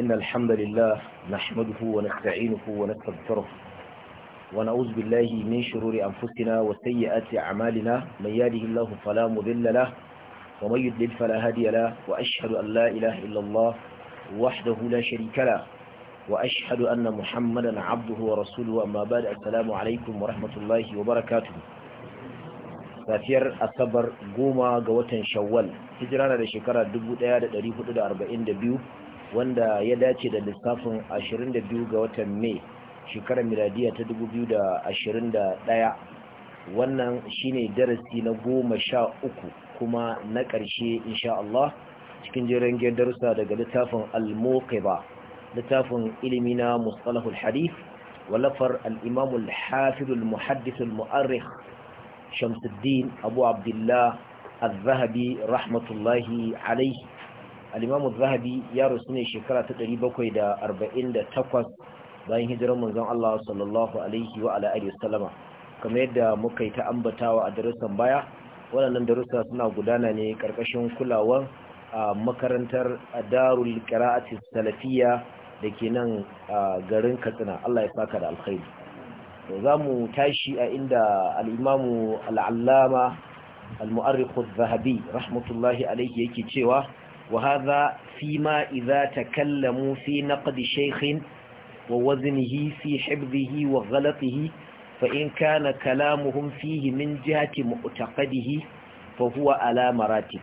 إن الحمد لله نحمده ونستعينه ونستغفره ونعوذ بالله من شرور أنفسنا وسيئات أعمالنا من يهده الله فلا مضل له ومن يضلل فلا هادي له وأشهد أن لا إله إلا الله وحده لا شريك له وأشهد أن محمدا عبده ورسوله أما بعد السلام عليكم ورحمة الله وبركاته safiyar asabar goma ga watan shawwal hijira na da shekara 1442 wanda ya dace da lissafin 22 ga watan mai shekarar miladiya ta 2021 wannan shine darasi na goma sha uku kuma na ƙarshe insha Allah cikin jiran darussa daga littafin al-muqiba littafin ilimi na mustalahul hadith walafar al-imam al-hafiz al-muhaddith al-mu'arrikh Shamsuddin Abu Abdullah al-Zahabi rahmatullahi alayhi alimamu zahabi ya rasu ne shekara ta 748 bayan hijirar manzon Allah sallallahu alaihi wa ala alihi wasallama kamar yadda muka yi ta ambatawa a darussan baya waɗannan darussa suna gudana ne karkashin kulawar a makarantar darul qira'ati salafiyya dake nan garin Katsina Allah ya saka da alkhairi za mu tashi a inda al-imamu al-allama al-mu'arrikh adh-dhahabi rahmatullahi alayhi yake cewa وهذا فيما إذا تكلموا في نقد شيخ ووزنه في حبذه وغلطه فإن كان كلامهم فيه من جهة مؤتقده فهو على مراتب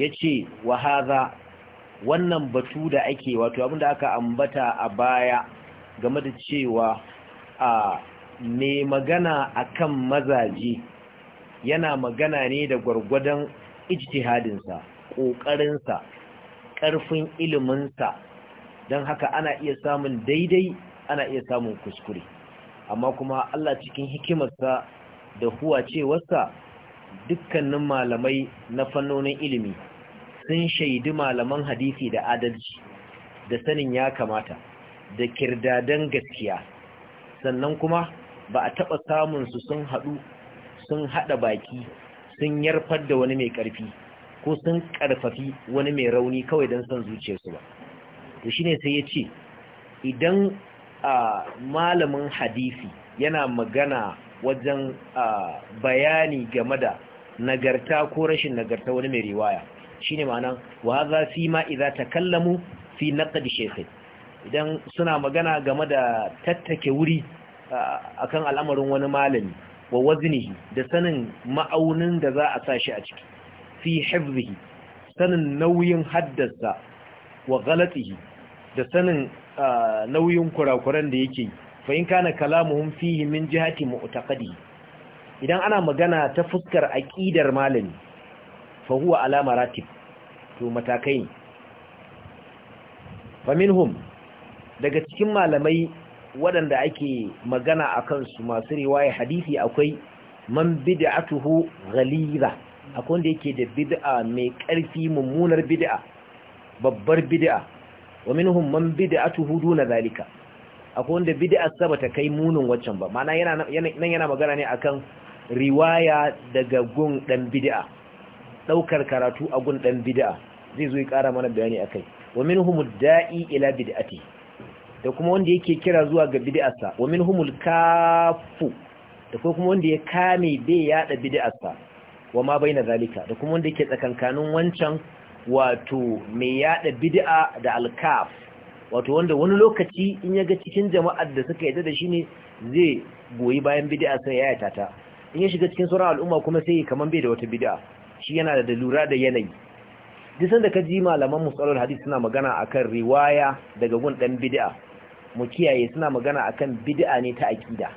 yace وهذا wannan batu da ake wato abinda aka ambata a baya game da cewa a ne magana akan mazaje yana magana ne da gwargwadon ijtihadinsa ƙoƙarinsa ƙarfin iliminsa don haka ana iya samun daidai ana iya samun kuskure amma kuma Allah cikin hikimarsa da huwa cewarsa dukkanin malamai na fannonin ilimi sun shaidi malaman hadisi da adalci da sanin ya kamata da kirdadan gaskiya sannan kuma ba a taɓa samunsu sun haɗu sun haɗa baki sun yarfar da wani mai ƙarfi ko sun karfafi wani mai rauni kawai don son su ba to ne sai ya ce idan malamin hadisi yana magana wajen bayani game da nagarta ko rashin nagarta wani mai riwaya shine ma'ana wa za fi ma idza kallamu fi naqd shaykh idan suna magana game da tattake wuri akan al'amarin wani malami wa wazini da sanin ma'aunin da za a sa shi a ciki fi hifzihi sanin nauyin haddasa wa galatihi da sanin nauyin kurakuran da yake fa in kana kalamuhum fihi min jihati mu'taqadi idan ana magana ta fuskar aqidar malami fa huwa ala maratib to matakai fa minhum daga cikin malamai waɗanda ake magana akan su masu riwaya hadisi akwai man bid'atuhu ghaliza akwai wanda yake da bid'a mai ƙarfi mummunar bid'a babbar bid'a wa minhum man bid'atuhu duna zalika akwai wanda bid'a sa bata kai munin waccan ba ma'ana yana nan yana magana ne akan riwaya daga gun dan bid'a daukar karatu a gun ɗan bid'a zai zo ya ƙara mana bayani akai wa humu da'i ila bid'ati da kuma wanda yake kira zuwa ga bid'arsa sa min humul kafu da kuma wanda ya kame bai yaɗa bid'arsa wa ma baina zalika da kuma wanda yake tsakankanin wancan wato mai yada bid'a da alkaf wato wanda wani lokaci in yaga cikin jama'ar da suka yadda da shi ne zai goyi bayan bid'a sai ya yata in ya shiga cikin sauran al'umma kuma sai ya kaman bai da wata bid'a shi yana da lura da yanayi duk sanda ka ji malaman musallar hadis suna magana akan riwaya daga gun dan bid'a mu kiyaye suna magana akan bid'a ne ta aqida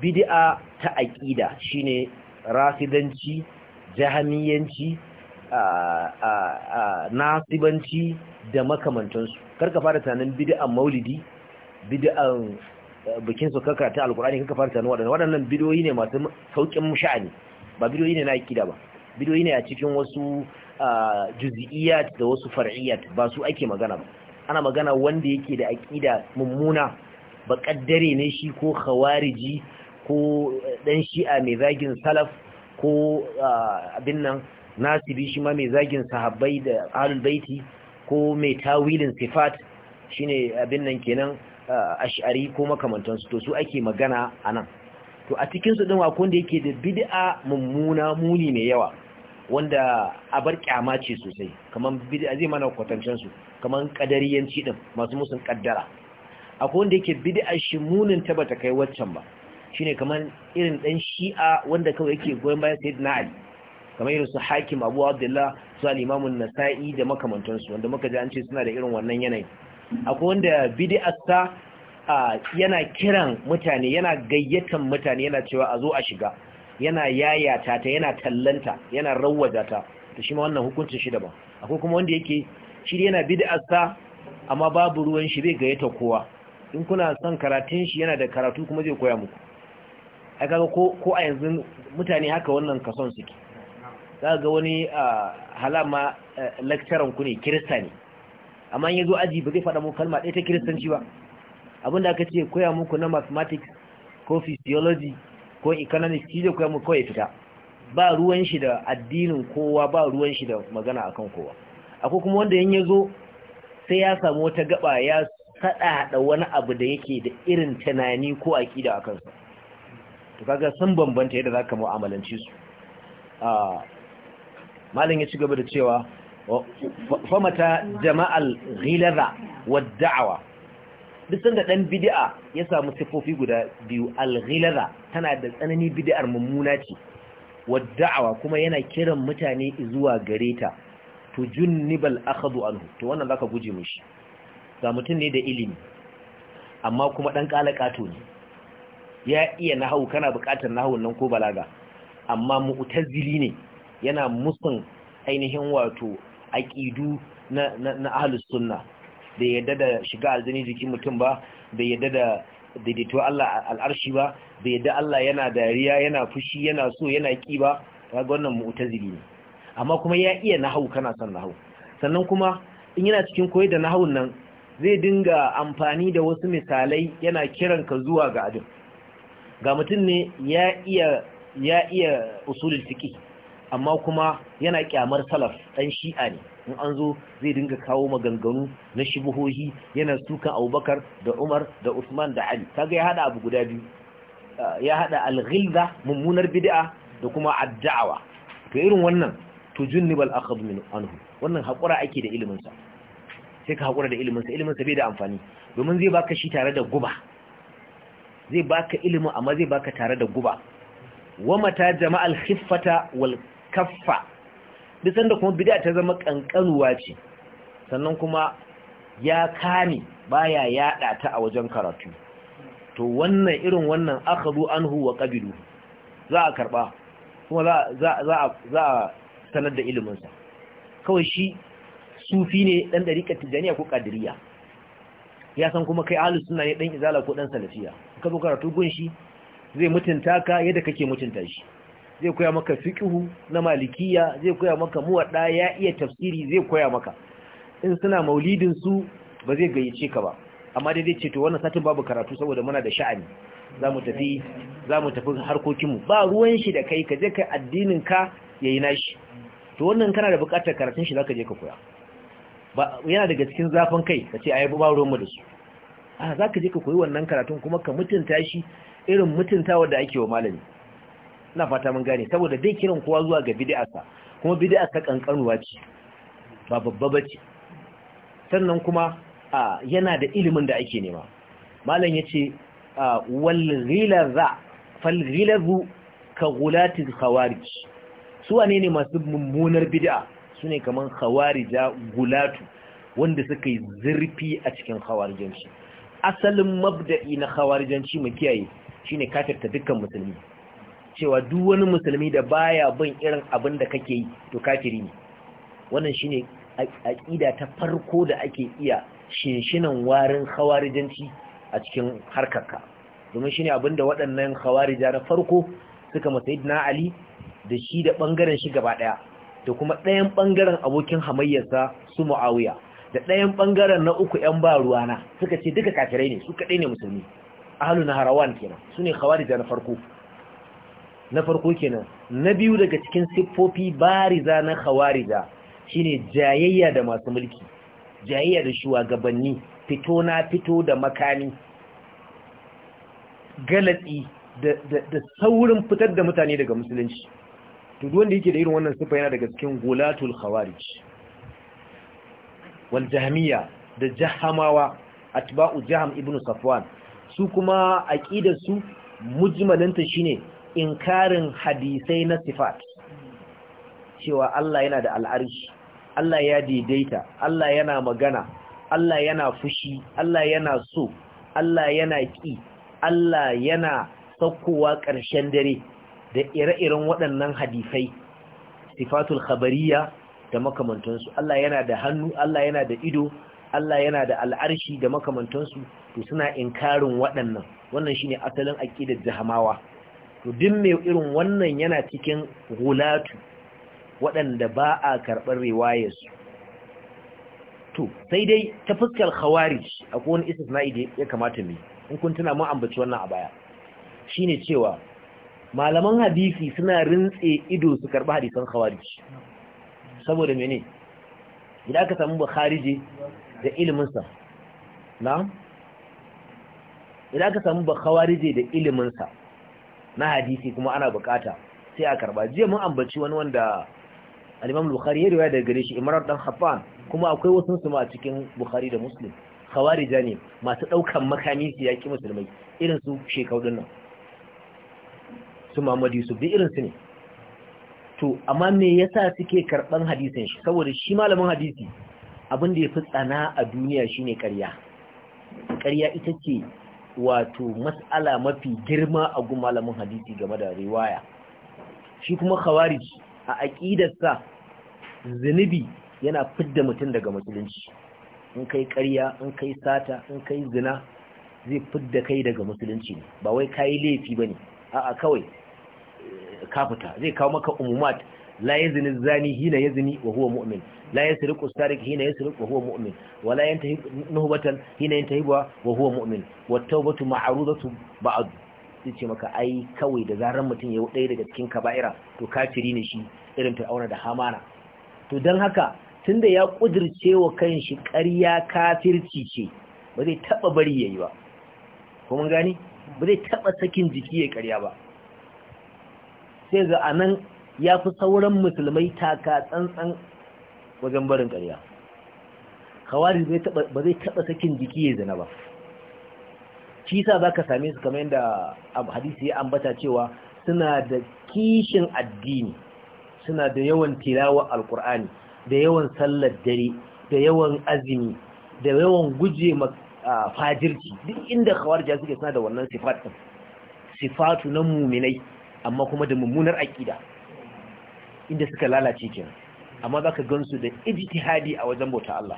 bid'a ta aqida shine rafidanci jahamiyanci nasibanci da makamantansu karka fara tunanin bid'an maulidi bid'an eh, bikin su kaka ta alkurani kaka fara tunanin waɗannan waɗannan bidoyi ne masu saukin sha'ani ba bidoyi ne na akida ba bidoyi ne a cikin wasu juz'iyat da wasu far'iyat ba su ake magana ba ana magana wanda yake da akida mummuna ba kaddare ne shi ko khawariji ko ɗan shi'a mai zagin salaf ko abin nan nasibi shi ma mai zagin sahabbai da alul baiti ko mai tawilin sifat shine abin nan kenan ash'ari ko makamantansu to su ake magana anan to a cikinsu ɗin wakon da yake da bid'a mummuna muni mai yawa wanda a bar kyama ce sosai kamar bid'a zai mana kwatancen kamar kadariyanci ɗin masu musun kaddara akwai wanda yake bid'a shi munin ta bata kai waccan ba shine kamar irin dan shi'a wanda kawai yake goyon bayan sayyidina ali kamar irin su hakim abu abdullah su al-imamun nasa'i da makamantansu wanda muka ji an ce suna da irin wannan yanayi akwai wanda bid'arsa yana kiran mutane yana gayyatan mutane yana cewa a zo a shiga yana yayata ta yana tallanta yana rawaja ta to shi ma wannan hukuncin shi daban akwai kuma wanda yake shi yana sa amma babu ruwan shi bai gayyata kowa in kuna son karatun shi yana da karatu kuma zai koya muku ai kaga ko a yanzu mutane haka wannan kason suke za ga wani halama lecturer ku ne kirista ne amma yanzu yazo aji ba zai faɗa mu kalma ɗaya ta kiristanci ba abinda aka ce koya muku na mathematics ko physiology ko economics shi zai koya muku kawai fita ba ruwan shi da addinin kowa ba ruwan shi da magana akan kowa akwai kuma wanda in zo sai ya samu wata gaba ya sada da wani abu da yake da irin tunani ko akida a kansa. to kaga sun bambanta yadda zaka mu'amalanci su ah malin ya ci gaba da cewa famata jama'al ghilaza wad da'wa duk sanda dan bid'a ya samu sifofi guda biyu al ghilaza tana da tsanani bid'ar mummuna ce wad da'wa kuma yana kiran mutane zuwa gare ta. to junnibal akhadhu anhu to wannan zaka guje mishi ga mutum ne da ilimi amma kuma dan kalakato ne ya iya nahawu kana buƙatar nahawun nan ko balaga amma mu'tazili ne yana musun ainihin wato aqidu na na ahlus sunna da yadda da shiga aljini jikin mutum ba da yadda da daidaito Allah al'arshi ba da yadda Allah yana dariya yana fushi yana so yana ki ba kaga wannan mu'tazili ne amma kuma ya iya nahawu kana son nahawu sannan kuma in yana cikin koyar da nahawun nan zai dinga amfani da wasu misalai yana kiranka zuwa ga abin ga mutum ne ya iya usulun ciki amma kuma yana kyamar salaf ɗan shi'a ne in an zo zai dinga kawo maganganu na shibuhohi yana sukan Abubakar da Umar da Usman da Ali kaga ya hada abu guda biyu ya hada al mummunar bid'a da kuma adda'awa. to irin wannan tujunnibal akhd min anhu wannan hakura ake da ilimin sa sai ka hakura da ilimin sa ilimin sa bai da amfani domin zai baka shi tare da guba zai baka ilimin amma zai baka tare da guba wa mata jama'al khiffata wal kaffa bisan da kuma bid'a ta zama kankanuwa ce sannan kuma ya kame baya yada ta a wajen karatu to wannan irin wannan akhadhu anhu wa qabilu za a karba kuma za za za sanar da ilimin sa kawai shi sufi ne dan dariƙar tijaniya ko kadiriya ya san kuma kai ahlus sunna ne dan izala ko dan salafiya ka zo karatu gun shi zai mutunta ka yadda kake mutunta shi zai koya maka fiqhu na malikiya zai koya maka muwadda ya iya tafsiri zai koya maka in suna maulidin su ba zai gayyace ka ba amma dai zai ce to wannan satin babu karatu saboda muna da sha'ani zamu tafi zamu tafi harkokin mu ba ruwan shi da kai ka je kai addinin ka yayi nashi to wannan kana da bukatar karatun shi zaka je ka koya ba yana daga cikin zafin kai kace ayi ba ruwan mu da su a za ka je ka koyi wannan karatun kuma ka mutunta shi irin mutuntawa da ake wa malami na fata mun gane saboda dai kiran kowa zuwa ga bid'arsa kuma ta kankanuwa ce ba babba ba ce. sannan kuma yana da ilimin da ake nema malam yace wal ghilaza fal ghilazu ka gulati khawarij su wane ne masu mummunar bid'a sune kaman khawarija gulatu wanda suka yi zurfi a cikin khawarijanci asalin mabda'i na khawarijanci mu kiyaye shine kafirta dukkan musulmi cewa duk wani musulmi da baya bin irin abin da kake yi to kafiri ne wannan shine aqida ta farko da ake iya shinshinan warin khawarijanci a cikin harkarka domin shine abinda waɗannan khawarija na farko suka masayidina Ali da shi da bangaren shi gaba daya da kuma ɗayan bangaren abokin hamayyarsa su Muawiya da ɗayan ɓangaren na uku ‘yan ba ruwana suka ce duka kafirai ne su kaɗai ne musulmi ahalu na harawan kenan su ne khawarija na farko na farko kenan na biyu daga cikin siffofi bariza na khawarija shine jayayya da masu mulki jayayya da shugabanni fito na fito da makami galatsi da saurin fitar da mutane daga musulunci to wanda yake da irin wannan siffa yana daga cikin gulatul khawarij Waljahamiya da jahamawa atba'u jaham ibnu safwan su kuma aqidar su mujmalanta shine inkarin hadisai na sifat cewa Allah yana da al'arshi Allah ya daidaita Allah yana magana Allah yana fushi Allah yana so Allah yana ki Allah yana saukowa ƙarshen dare da ire-iren waɗannan hadisai sifatul khabariya da makamantansu Allah yana da hannu Allah yana da ido Allah yana da al'arshi da makamantansu to suna inkarin waɗannan wannan shine asalin aqidar jahamawa to duk mai irin wannan yana cikin gulatu waɗanda ba a karɓar riwayarsu to sai dai ta fuskar khawarij akwai wani istisna'i da ya kamata mu in kun tuna mun ambaci wannan a baya shine cewa malaman hadisi suna rintse ido su karɓi hadisan khawarij saboda mene idan aka samu bakharije da iliminsa na'am idan aka samu bakhawarije da iliminsa na hadisi kuma ana bukata sai a karba jiya mun ambaci wani wanda al-Imam Bukhari ya riwaya daga gare shi Imran dan Hafan kuma akwai wasu su ma cikin Bukhari da Muslim khawarija ne masu daukan makami su yaki musulmai irin su shekau dinnan su Muhammad Yusuf da irin su ne to amma me yasa suke karban hadisin shi saboda shi malamin hadisi abin da ya fi tsana a duniya shine ƙarya ƙarya ita ce wato mas'ala mafi girma a gun malamin hadisi game da riwaya shi kuma khawarij a aqidarsa zunubi yana fidda mutum daga musulunci in kai ƙarya in kai sata in kai zina zai fidda kai daga musulunci ne ba wai kai laifi bane a'a kawai kafita zai kawo maka umumat la yazni zani hina yazni wa huwa mu'min la yasriqu sariq hina yasriqu wa huwa mu'min wa la yantahi nuhbatan hina yantahi wa huwa mu'min wa tawbatu ma'rudatu ba'd yace maka ai kawai da zaran mutum ya dai daga cikin kaba'ira to kafiri ne shi irin ta aure da hamana to dan haka tunda ya kudirce wa kanshi ƙarya kafirci ce ba zai taba bari yayi ba ko mun ba zai taba sakin jiki ya ƙarya ba sai ga anan ya fi sauran musulmai taka tsantsan wajen barin ƙarya kawari ba zai taɓa sakin jiki ya zina ba Ki sa za ka same su kamar yadda hadisi ya ambata cewa suna da kishin addini suna da yawan tilawa alkur'ani da yawan sallar dare da yawan azumi da yawan guje fajirci duk inda kawarja suke suna da wannan sifatu na muminai amma kuma da mummunar aƙida inda suka lalace kenan amma zaka gansu da ijtihadi a wajen bauta Allah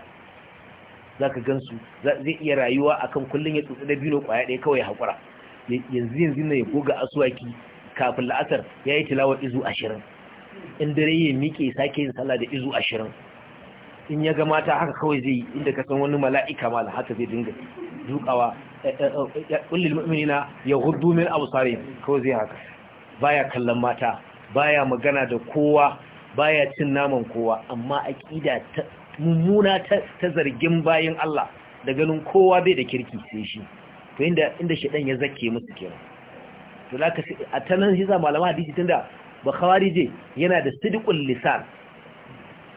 zaka gansu zai iya rayuwa akan kullun ya tsotsi da bino kwaya ɗaya kawai hakura yanzu yanzu ne ya goga asuwaki kafin la'asar ya yi tilawar izu ashirin. in dare ya miƙe sake yin sallah da izu ashirin. in ya ga mata haka kawai zai yi inda ka san wani mala'ika mala haka zai dinga dukawa kullul eh, eh, eh, mu'minina yaghuddu min sare kawai zai haka baya kallon mata baya magana da kowa baya cin naman kowa amma aƙida ta mummuna ta, zargin bayan Allah da ganin kowa bai da kirki sai shi to inda inda shedan ya zake musu kenan to laka a tanan hiza malama hadisi tunda ba yana da sidqul lisan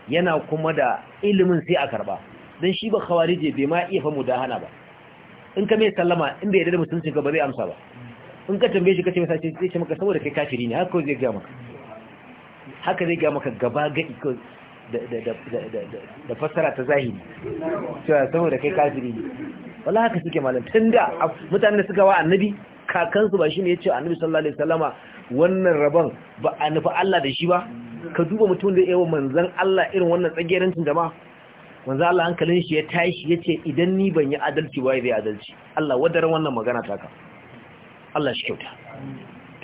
yana kuma da ilimin sai a karba dan shi ba bai ma iya fa mudahana ba in ka mai sallama in bai yarda da mutuncin ka ba zai amsa ba in ka tambaye shi ka ce masa ce zai ce maka saboda kai kafiri ne haka zai ga maka haka zai ga maka gaba iko da fassara ta zahiri cewa saboda kai kafiri ne wala haka suke malam tunda mutanen da suka wa annabi kakansu ba shine yace annabi sallallahu alaihi wasallama wannan rabon ba a nufi Allah da shi ba ka duba mutum da yawa manzan Allah irin wannan tsagerancin jama'a manzan Allah hankalin shi ya tashi yace idan ni ban yi adalci ba zai adalci Allah wadar wannan magana taka Allah shi kyauta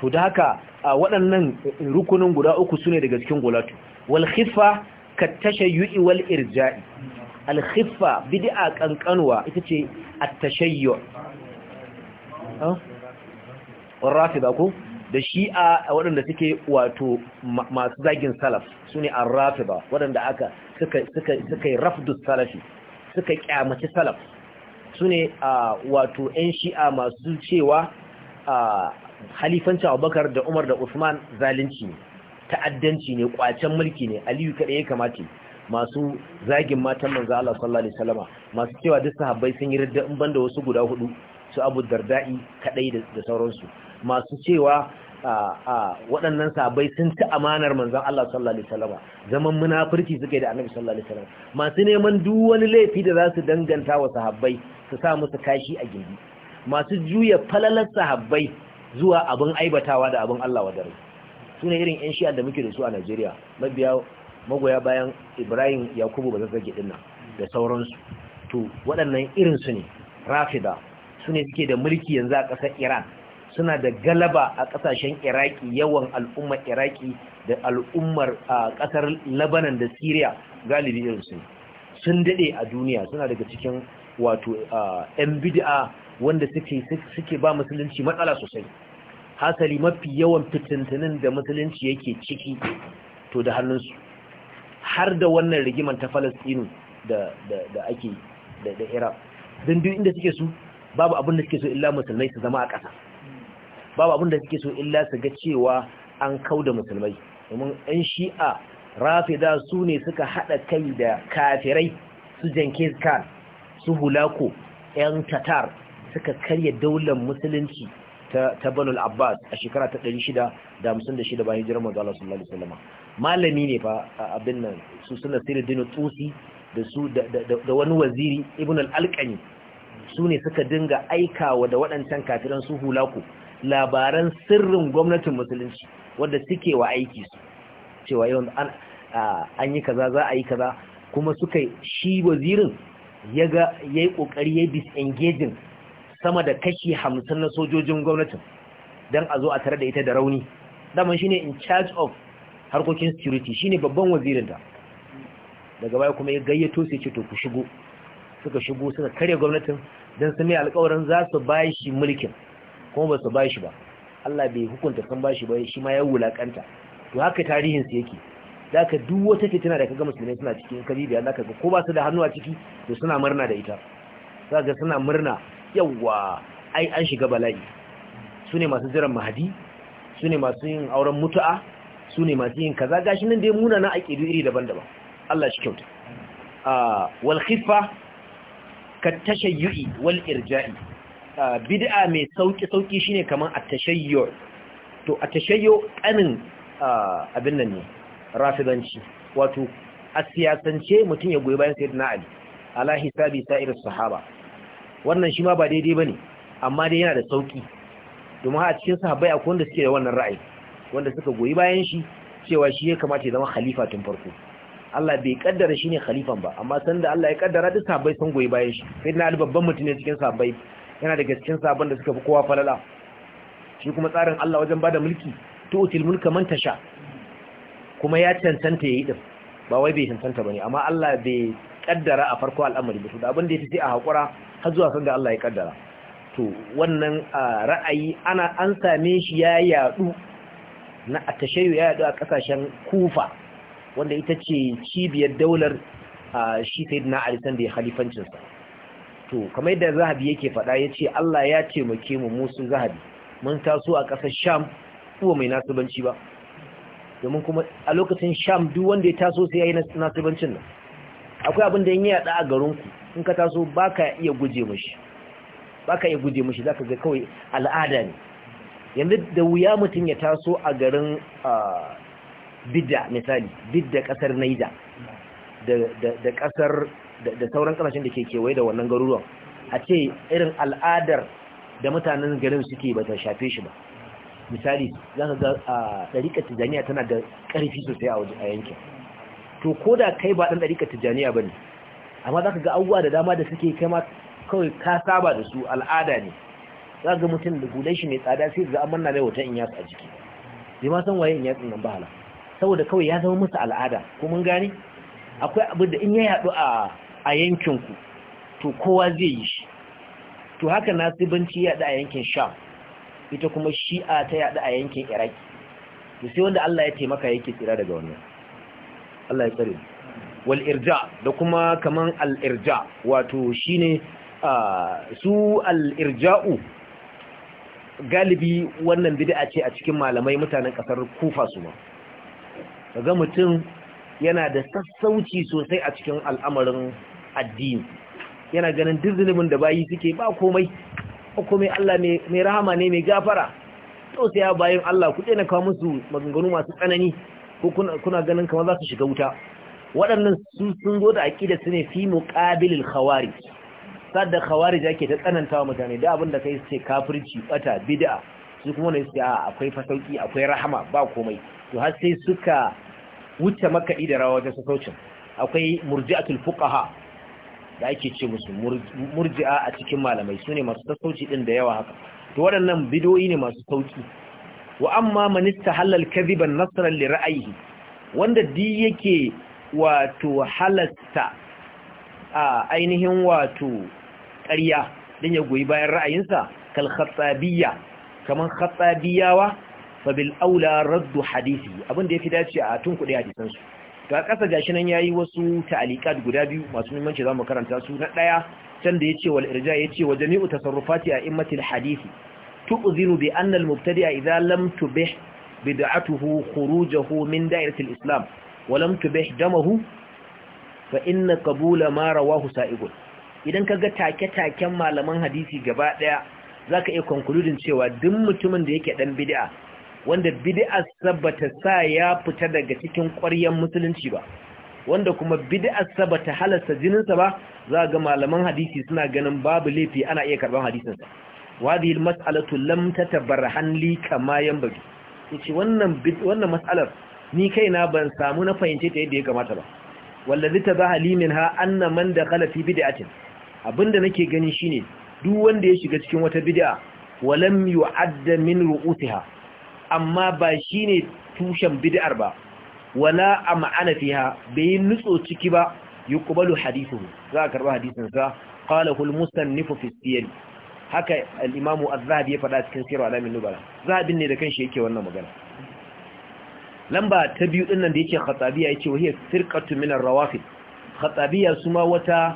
to da haka waɗannan rukunin guda uku sune daga cikin gulatu wal khifa ka yu’i wal irja'i al khifa a ƙanƙanwa ita ce a at tashayyu' rafi ba ko da shi'a waɗanda suke wato masu zagin salaf su ne an rafi ba waɗanda aka suka yi suka rafdu salafi suka kyamaci salaf su sune wato 'yan shi'a masu cewa halifancin abubakar da umar da usman zalunci ne ta'addanci ne kwacen mulki ne aliyu kaɗai ya kamata masu zagin matan manzo Allah sallallahu alaihi wasallama masu cewa duk sahabbai sun yi radda in banda wasu guda hudu su Abu Darda'i kadai da sauransu masu cewa waɗannan sahabbai sun ci amanar manzan Allah sallallahu alaihi wasallama zaman munafurci suka yi da Annabi sallallahu alaihi wasallama masu neman duk wani laifi da za su danganta wa sahabbai su sa musu kashi a gindi masu juya falalar sahabbai zuwa abin aibatawa da abin Allah wadar su ne irin 'yan shi'a da muke da su a Najeriya mabiya magoya bayan Ibrahim Yakubu ba zazzage dinnan da sauransu to waɗannan irin su ne rafida su ne suke da mulki yanzu a ƙasar Iran suna da galaba a ƙasashen Iraki yawan al'ummar Iraki da al'ummar ƙasar Lebanon da Syria galibi irin su sun dade a duniya suna daga cikin wato 'yan bid'a wanda suke ba musulunci matsala sosai hasali mafi yawan fitintunin da musulunci yake ciki to da hannunsu har da wannan rigiman ta falastinu da ake da iraq don inda suke su babu abin da suke so illa musulmai su zama a ƙasa babu abin da suke so illa su ga cewa an kau da musulmai domin 'yan shi'a rafida su ne suka haɗa kai da kafirai su janke su hulako 'yan tatar suka karya daular musulunci ta banul abbas a shekara ta 656 bayan jiran mazala sallallahu alaihi wasallam malami ne fa abin nan su suna sirrin tusi da su da wani waziri ibn al-alqani su ne suka dinga aikawa da waɗancan kafiran su hulaku labaran sirrin gwamnatin musulunci wanda suke wa aiki su cewa yau an yi kaza za a yi kaza kuma suka shi wazirin ya ga yayi kokari yayi disengaging sama da kashi hamsin na sojojin gwamnatin don a zo a tare da ita da rauni daman shine in charge of harkokin security shine babban wazirin ta. daga baya kuma ya gayyato sai ce to ku shigo suka shigo suka karya gwamnatin don su mai alkawarin za su bayi shi mulkin kuma ba su ba shi ba Allah bai hukunta san ba shi ba shi ma ya wulakanta to haka tarihin su yake da ka duk wata fitina da kaga musulmai suna cikin kabibiya da ka ko ba su da hannu a ciki to suna murna da ita za ga suna murna yawwa ai an shiga bala'i su ne masu jiran mahadi su ne masu yin auren mutu'a su ne masu yin kaza gashi nan dai muna na aƙidu iri daban-daban Allah shi kyauta wal khifa ka tashayyu'i wal irja'i bid'a mai sauki sauki shine kaman at-tashayyu to at-tashayyu kanin abin nan ne rafidanci wato a siyasance mutum ya goyi bayan sayyidina ali ala hisabi sa'ir sahaba wannan shi ma ba daidai ba ne amma dai yana da sauki domin a cikin sahabbai akwai wanda suke da wannan ra'ayi wanda suka goyi bayan shi cewa shi ya kamata ya zama khalifa tun farko Allah bai kaddara shi ne khalifan ba amma sanda Allah ya kaddara duk sahabbai sun goyi bayan shi sai na Ali babban mutum ne cikin sahabbai yana daga cikin sahabban da suka fi kowa falala shi kuma tsarin Allah wajen bada mulki util mulka man tasha kuma ya cancanta yayi din ba wai bai cancanta bane amma Allah bai kaddara a farko al'amari ba to da abin da yake sai a hakura har zuwa sanda Allah ya kaddara to wannan ra'ayi ana an same shi ya yadu na atashayyu ya yadu a kasashen kufa wanda ita ce cibiyar daular shi na ali sanda ya khalifancin sa to kamar yadda zahabi yake faɗa ce Allah ya taimake mu musu zahabi mun taso a kasar sham kuwa mai nasibanci ba domin kuma a lokacin sham duk wanda ya taso sai ya yi nasibancin nan akwai abin da ya yi yaɗa a garinku in ka taso ba ka iya guje ba ka iya guje za ka ga kawai al'ada ne yanzu da wuya mutum ya taso a garin bidda misali bidda kasar naija da kasar da sauran kasashen da ke kewaye da wannan garuruwan a ce irin al'adar da mutanen garin suke ba ta shafe shi ba misali za ka ga a tijaniya tana da ƙarfi sosai a yankin to ko da kai ba ɗan ɗariƙa tijaniya ba ne amma za ka ga abubuwa da dama da suke kai ma kawai ka saba da su al'ada ne za ga mutum da gudai shi mai tsada sai a manna mai wata in a jiki zai ma san waye in ɗin nan ba hala saboda kawai ya zama musu al'ada ko mun gane akwai abu da in ya yaɗu a a yankin ku to kowa zai yi shi to haka na sibanci ya yaɗu a yankin sham ita kuma shi'a ta yaɗu a yankin iraki to sai wanda Allah ya taimaka yake tsira daga wannan Allah ya tsare mu wal irja da kuma kaman al'irja, irja wato shine su al'irja'u, galibi wannan bid'a ce a cikin malamai mutanen kasar Kufa su ma kaga mutum yana da sassauci sosai a cikin al'amarin addini yana ganin dizilimin da bayi suke ba komai ba komai Allah mai rahama ne mai gafara ya bayan Allah ku na kawo musu maganganu masu tsanani ko kuna ganin kamar za su shiga wuta waɗannan sun zo da aƙida su ne fi muƙabilin khawari sadda khawari da ake ta tsananta mutane da abinda kai su ce kafirci bata bid'a su kuma ne su akwai fasauki akwai rahama ba komai to har sai suka wuce makaɗi da rawa wajen sasaucin akwai murji'atul fuqaha da ake ce musu murji'a a cikin malamai su ne masu sasauci ɗin da yawa haka to waɗannan bidoyi ne masu sauki wa amma man istahalla al-kadhiba nasaran li ra'ayihi wanda di yake wato halatta a ainihin wato ƙarya don ya goyi bayan ra'ayinsa kal khatsabiyya kamar khatsabiyawa fa aula raddu hadisi abin da fi dace a tun kudi hadisansu su to a ƙasa gashi nan yi wasu ta'aliqat guda biyu masu muhimmanci zamu karanta su na daya can da yace wal irja ce wa jami'u tasarrufati a immatil hadisi tu'zinu bi annal mubtadi'a idha lam tubih bid'atuhu khurujuhu min da'iratil islam Walamtu tubih damahu fa inna kabula mara wahusa sa'iqun idan kaga take-taken malaman hadisi gaba daya zaka iya concluding cewa duk mutumin da yake dan bid'a wanda bid'ar sabata sa ya fita daga cikin ƙwaryar musulunci ba wanda kuma bid'ar sabata halasta jininsa ba za ga malaman hadisi suna ganin babu laifi ana iya karban hadisinsa wadhi almas'alatu lam tatabarhan li kama yanbaghi yace wannan wannan mas'alar ni kaina ban samu na fahimce ta yadda ya kamata ba wallazi tabaha halimin ha annaman man dakhala fi bid'atin abinda nake gani shine duk wanda ya shiga cikin wata bid'a walam yu'adda min ru'usiha amma ba shine tushen bid'ar ba wala am'ana fiha bai nutso ciki ba yuqbalu hadithuhu za a karba hadisin sa qalahu al-musannif fi siyar haka al-imam az-zahabi ya faɗa cikin sirr Za nubala zahabin ne da kanshi yake wannan magana lamba ta biyu din nan da yake khatabiya yace wahiya firqatu min ar-rawafid khatabiya suma wata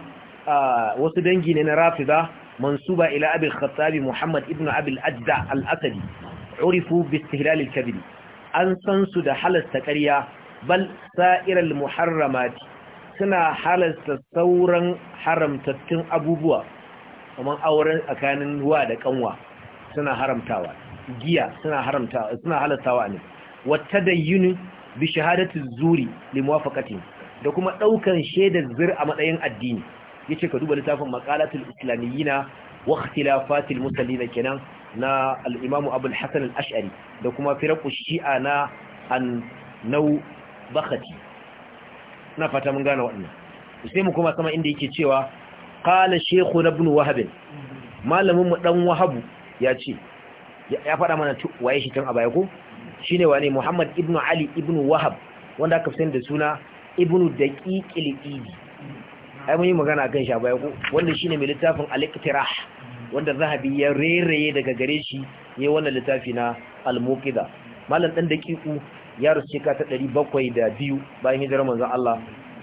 wasu dangi ne na rafida mansuba ila abin al muhammad ibn abi al-ajda al urifu bi istihlal an san su da halasta ƙarya bal sa'iran muharramati suna halasta sauran haramtattun abubuwa kamar auren tsakanin ruwa da kanwa suna haramtawa giya suna haramtawa suna halastawa ne wattadayyun bi shahadati zuri li muwafaqati da kuma daukan shaidar zir a matsayin addini yace ka duba littafin maqalatul islamiyina wa ikhtilafatil musallina kenan na al-imam Abu al-Hasan al-Ash'ari da kuma firaqu shi'a na an nau bakhati na fata mun gane wannan sai mu kuma sama inda yake cewa qala shaykhu ibn wahab malamin mu dan wahabu ya ce ya fada mana waye shi tun a baya ko ne wane Muhammad ibn Ali ibn Wahab wanda aka fi da suna ibn Daqiqil Idi ai mun yi magana kan shi a baya wanda shine mai littafin alikitirah wanda Zahabi ya reraye daga gare shi ya wannan littafi na almokida malam ɗan daƙiƙu ya rusu shekara ta biyu bayan hijirar manzon Allah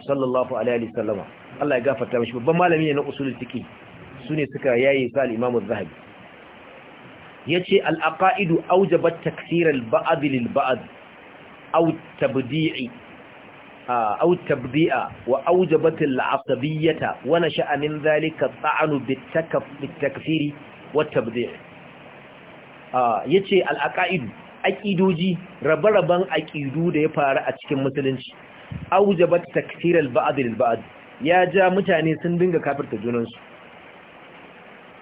sallallahu alaihi wasallama Allah ya gafarta mashi babban malami ne na usulul fiqh sune suka yayi sa al-Imam Az-Zahabi yace ce al’aƙa’idu aujabat taksir al-ba'd lil-ba'd tabdi'a wa aujabat al-asabiyyata wa nasha'a sha'anin dhalika ta'anu bit-takfir wa tabdi’a yace ce al’aƙa’idu aƙidoji rabe-raben aƙidu da ya faru a cikin musulunci aujabat taksir al-ba'd ya ja mutane sun dinga kafirta junansu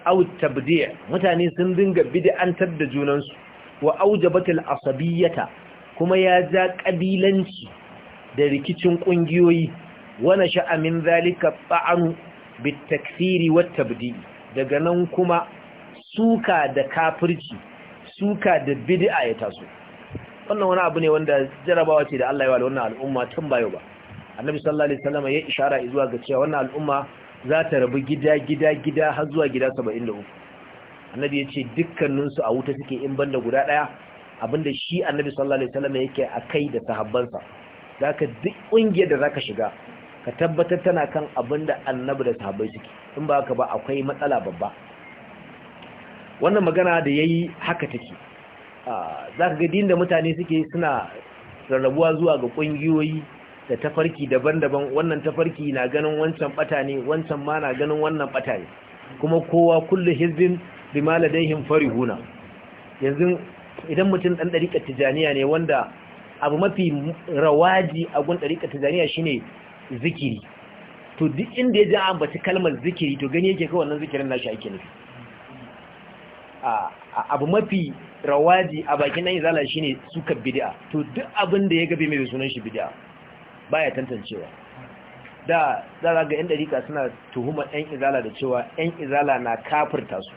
aw tabdi' mutane sun dinga bid'antar da junansu wa aujabat al asabiyata kuma ya ja kabilanci da rikicin kungiyoyi wana nasha'a min zalika ta'anu bitakfiri wa tabdi' daga nan kuma suka da kafirci suka da bid'a ya taso wannan wani abu ne wanda jarabawa ce da Allah ya wa wannan al'umma tun bayo ba annabi sallallahu alaihi wasallam ya ishara zuwa ga cewa wannan al'umma za ta rabu gida gida gida har zuwa gida 73 annabi ya ce dukkaninsu a wuta suke in banda guda ɗaya abinda shi annabi sallallahu alaihi wasallam yake a kai da sahabbansa ka duk ƙungiyar da za ka shiga ka tabbatar tana kan abinda annabi da sahabbai suke in ba ka ba akwai matsala babba wannan magana da ya yi haka take ah, ka ga din da mutane suke suna rarrabuwa zuwa ga ƙungiyoyi da tafarki daban-daban wannan tafarki na ganin wancan bata ne wancan ma na ganin wannan bata ne kuma kowa kullu hizbin bima ladaihim farihuna yanzu idan mutum dan dariƙar tijaniya ne wanda abu mafi rawaji a gun dariƙar tijaniya shine zikiri to duk inda ya ji ambaci kalmar zikiri to gani yake kawai wannan zikirin nashi ake nufi abu mafi rawaji a bakin nan izala shine suka bid'a to duk abin da ya gabe mai sunan shi bid'a baya tantancewa da za ga yan dariƙa suna tuhuma yan izala da cewa yan izala na kafirta su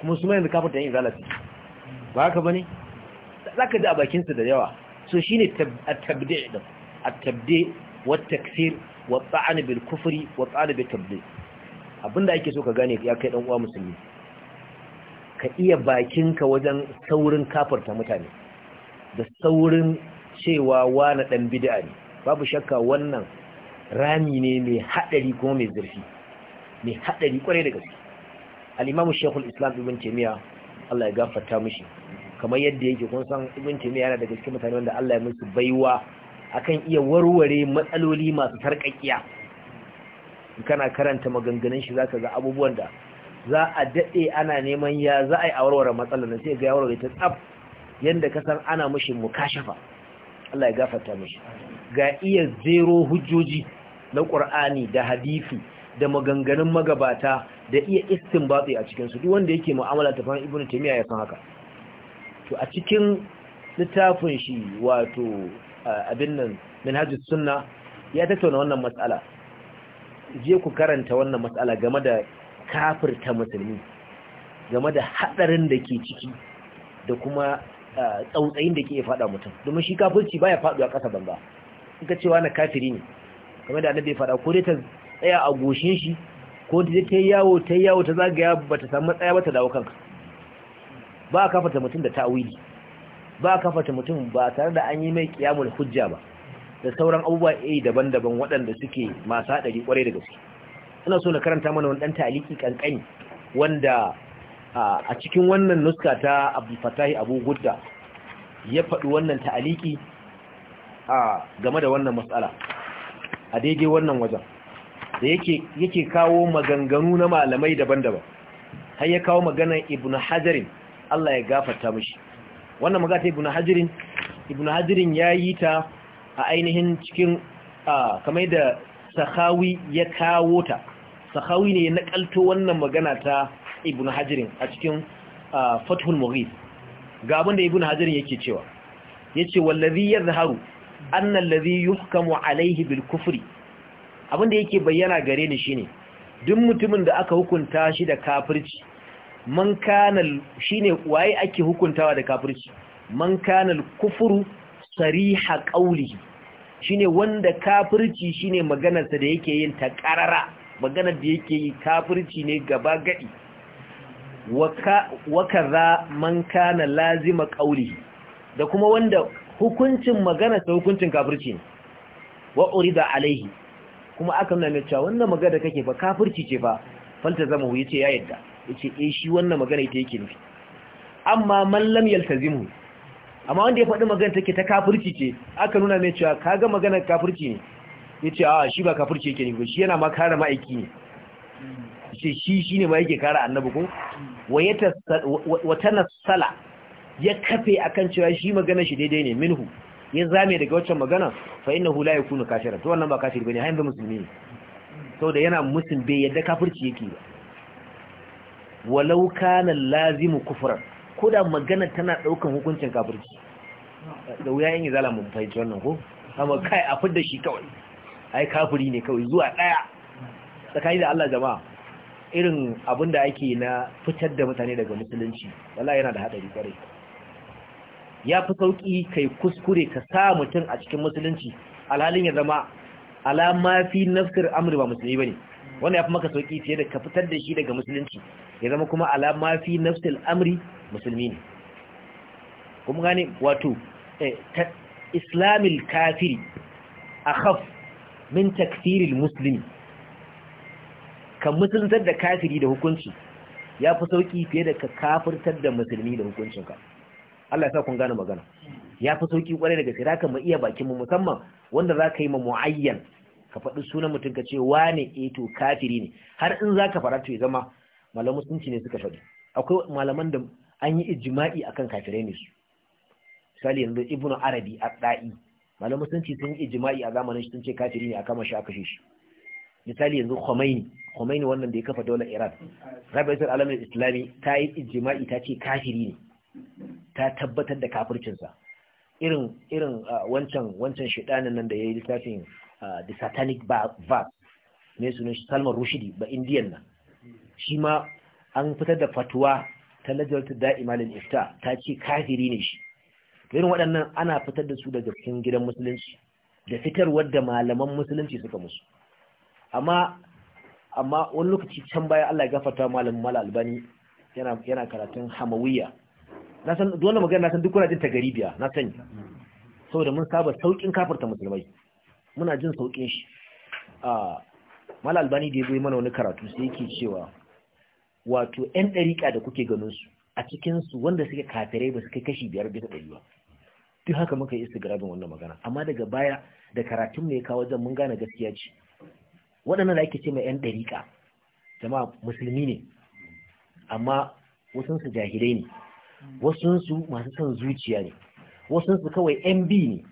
kuma su yanzu kafirta yan izala su ba haka bane za ka ji a bakinsu da yawa so shine a tabdi da A tabdi wa taksir wa ta'an bil kufri wa ta'an bil tabdi' abinda ake so ka gane ya kai dan uwa musulmi ka iya bakinka wajen saurin kafarta mutane da saurin cewa wani dan bid'a ne babu shakka wannan rami ne mai haɗari kuma mai zurfi mai haɗari kwarai da gaske al'imamu shekul islam ibn taimiyya allah ya gafarta mishi kamar yadda yake kun san ibn taimiyya yana daga cikin mutane wanda allah ya musu baiwa akan iya warware matsaloli masu in kana karanta maganganun shi zaka ga abubuwan da za a daɗe ana neman ya za a yi a warware matsalar sai ga ya warware ta tsaf yadda ka san ana mishi mukashafa Allah ya gafarta mishi ga iya zero hujjoji na ƙur'ani da hadifi da maganganun magabata da iya istin batsi a cikinsu duk wanda yake mu'amala ta fahimta ibnu taymiya ya san haka to a cikin littafin shi wato abin nan minhajus sunna ya tattauna wannan matsala je ku karanta wannan matsala game da kafirta musulmi game da hadarin da ke ciki da kuma tsautsayin da ke faɗa mutum domin shi kafirci baya faɗuwa ƙasa banza suka cewa na kafiri ne kamar da annabi fada ko dai ta tsaya a goshin shi ko dai ta yawo ta yawo ta zagaya ba ta samu tsaya ba ta dawo kanka ba ka fata mutum da ta'awili ba ka fata mutum ba tare da an yi mai kiyamul hujja ba da sauran abubuwa eh daban-daban waɗanda suke masu haɗari kwarai daga gaske ina so na karanta mana wani ɗan ta'aliki kankani wanda a cikin wannan nuska ta Fattah abu gudda ya faɗi wannan ta'aliki a game da wannan matsala a daidai wannan wajen da yake kawo maganganu na malamai daban-daban har ya kawo maganar ibn hajarin Allah ya gafarta mashi. wannan magata ibn hajarin ibn hajarin ya yi ta a ainihin cikin kamar da sahawi ya kawo ta sahawi ne ya nakalto wannan magana ta ibn hajarin a cikin fathul mughith gaban da ibn hajarin yake cewa yace wallazi yadhharu Annan ladhi yuhkamu alaihi bil kufri abinda yake bayyana gare ni shine duk mutumin da aka hukunta shi da kafirci man kana shine waye ake hukuntawa da kafirci man kana kufru sariha qawlihi shine wanda kafirci shine maganarsa da yake yin ta karara maganar da yake yi kafirci ne gaba gadi wa wakaza man kana lazima qawlihi da kuma wanda hukuncin magana ta hukuncin kafirci ne wa urida alaihi kuma aka nuna mai cewa wannan magana kake fa kafirci ce fa falta zama hu yace ya yadda yace eh shi wannan magana ita yake nufi amma man lam yaltazimu amma wanda ya faɗi magana take ta kafirci ce aka nuna mai cewa kaga magana kafirci ne yace a shi ba kafirci yake ne shi yana ma kare ma'aiki ne yace shi shine ma yake kare annabi ko wa yata wa tanassala ya kafe akan cewa shi magana shi daidai ne minhu ya zame daga waccan magana fa hula ya kuna kafira to wannan ba kafiri bane hayin ba musulmi ne da yana musulmi bai yadda kafirci yake ba walau kana lazimu kufran koda magana tana daukan hukuncin kafirci da wuya yin zala mun fahimci wannan ko amma kai a fudda shi kawai ai kafiri ne kawai zuwa daya tsakani da Allah jama'a irin abinda ake na fitar da mutane daga musulunci wallahi yana da hadari kwarai ya fi sauƙi kai kuskure ka sa mutum a cikin musulunci alhalin ya zama alama fi nafsir amri ba musulmi ba ne. wanda ya fi maka sauƙi fiye da ka fitar da shi daga musulunci ya zama kuma alama fi nafsir amri musulmi ne kuma gane wato eh, islamil kafiri a haf min takfiril musulmi kan musuluntar da kafiri da hukunci ya fi sauƙi fiye da ka kafirtar da musulmi da hukuncinka Allah ya sa kun gane magana ya fi sauki kwarai daga sai zaka kama iya bakin mu musamman wanda zaka yi ma muayyan ka faɗi sunan mutum ka ce wane eh to kafiri ne har in zaka fara to ya zama malamu musulunci ne suka faɗi akwai malaman da an yi ijma'i akan kafirai ne su misali yanzu ibnu arabi at-da'i malamu musulunci sun yi ijma'i a zamanin shi sun ce kafiri ne aka shi aka shi misali yanzu Khomeini Khomeini wannan da ya kafa daular Iran Rabi'atul Alamin Islami ta yi ijma'i ta ce kafiri ne ta tabbatar da kafircinsa irin irin wancan wancan nan da yi littafin the satanic verse ne sunan shi Salman Rushdie ba Indiyan nan shi ma an fitar da fatuwa ta lajarta da'ima lil ifta ta ce kafiri ne shi irin waɗannan ana fitar da su daga cikin gidan musulunci da fitarwar da malaman musulunci suka musu amma amma wani lokaci can baya Allah ya gafarta malam Mala Albani yana yana karatun Hamawiyya na san duk magana na san duk kuna jin ta garibiya na sani saboda mun saba saukin kafarta musulmai muna jin saukin shi a mal albani da ya zo mana wani karatu sai yake cewa wato 'yan ɗariƙa da kuke ganin su a cikin su wanda suke kafirai ba su kai kashi biyar bisa ɗari ba duk haka muka yi istigrabin wannan magana amma daga baya da karatun mu ya kawo wajen mun gane gaskiya ce waɗannan da ake ce mai 'yan ɗariƙa jama'a musulmi ne amma su jahilai ne wasunsu masu son zuciya ne wasunsu kawai yan bi ne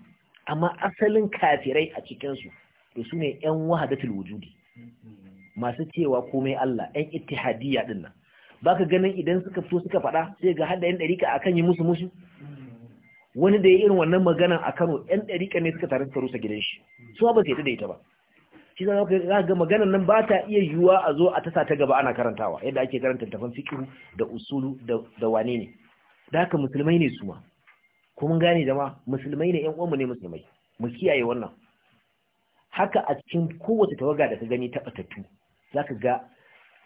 amma asalin kafirai a cikinsu to su ne yan wahadatul wujudi masu cewa komai Allah yan ittihadiyya din nan baka ganin idan suka fito suka faɗa sai ga hada yan ɗarika akan yi musu musu wani da ya irin wannan magana a Kano yan ɗarika ne suka tare suka rusa gidan shi su ba su da ita ba shi zan ga ga maganar nan ba ta iya yiwuwa a zo a tasa ta gaba ana karantawa yadda ake karanta tafan fiqh da usulu da wane ne da musulmai ne su ma kuma gane jama musulmai ne yan uwanmu ne musulmai mu kiyaye wannan haka a cikin kowace tawaga da ka gani ta batattu zaka ga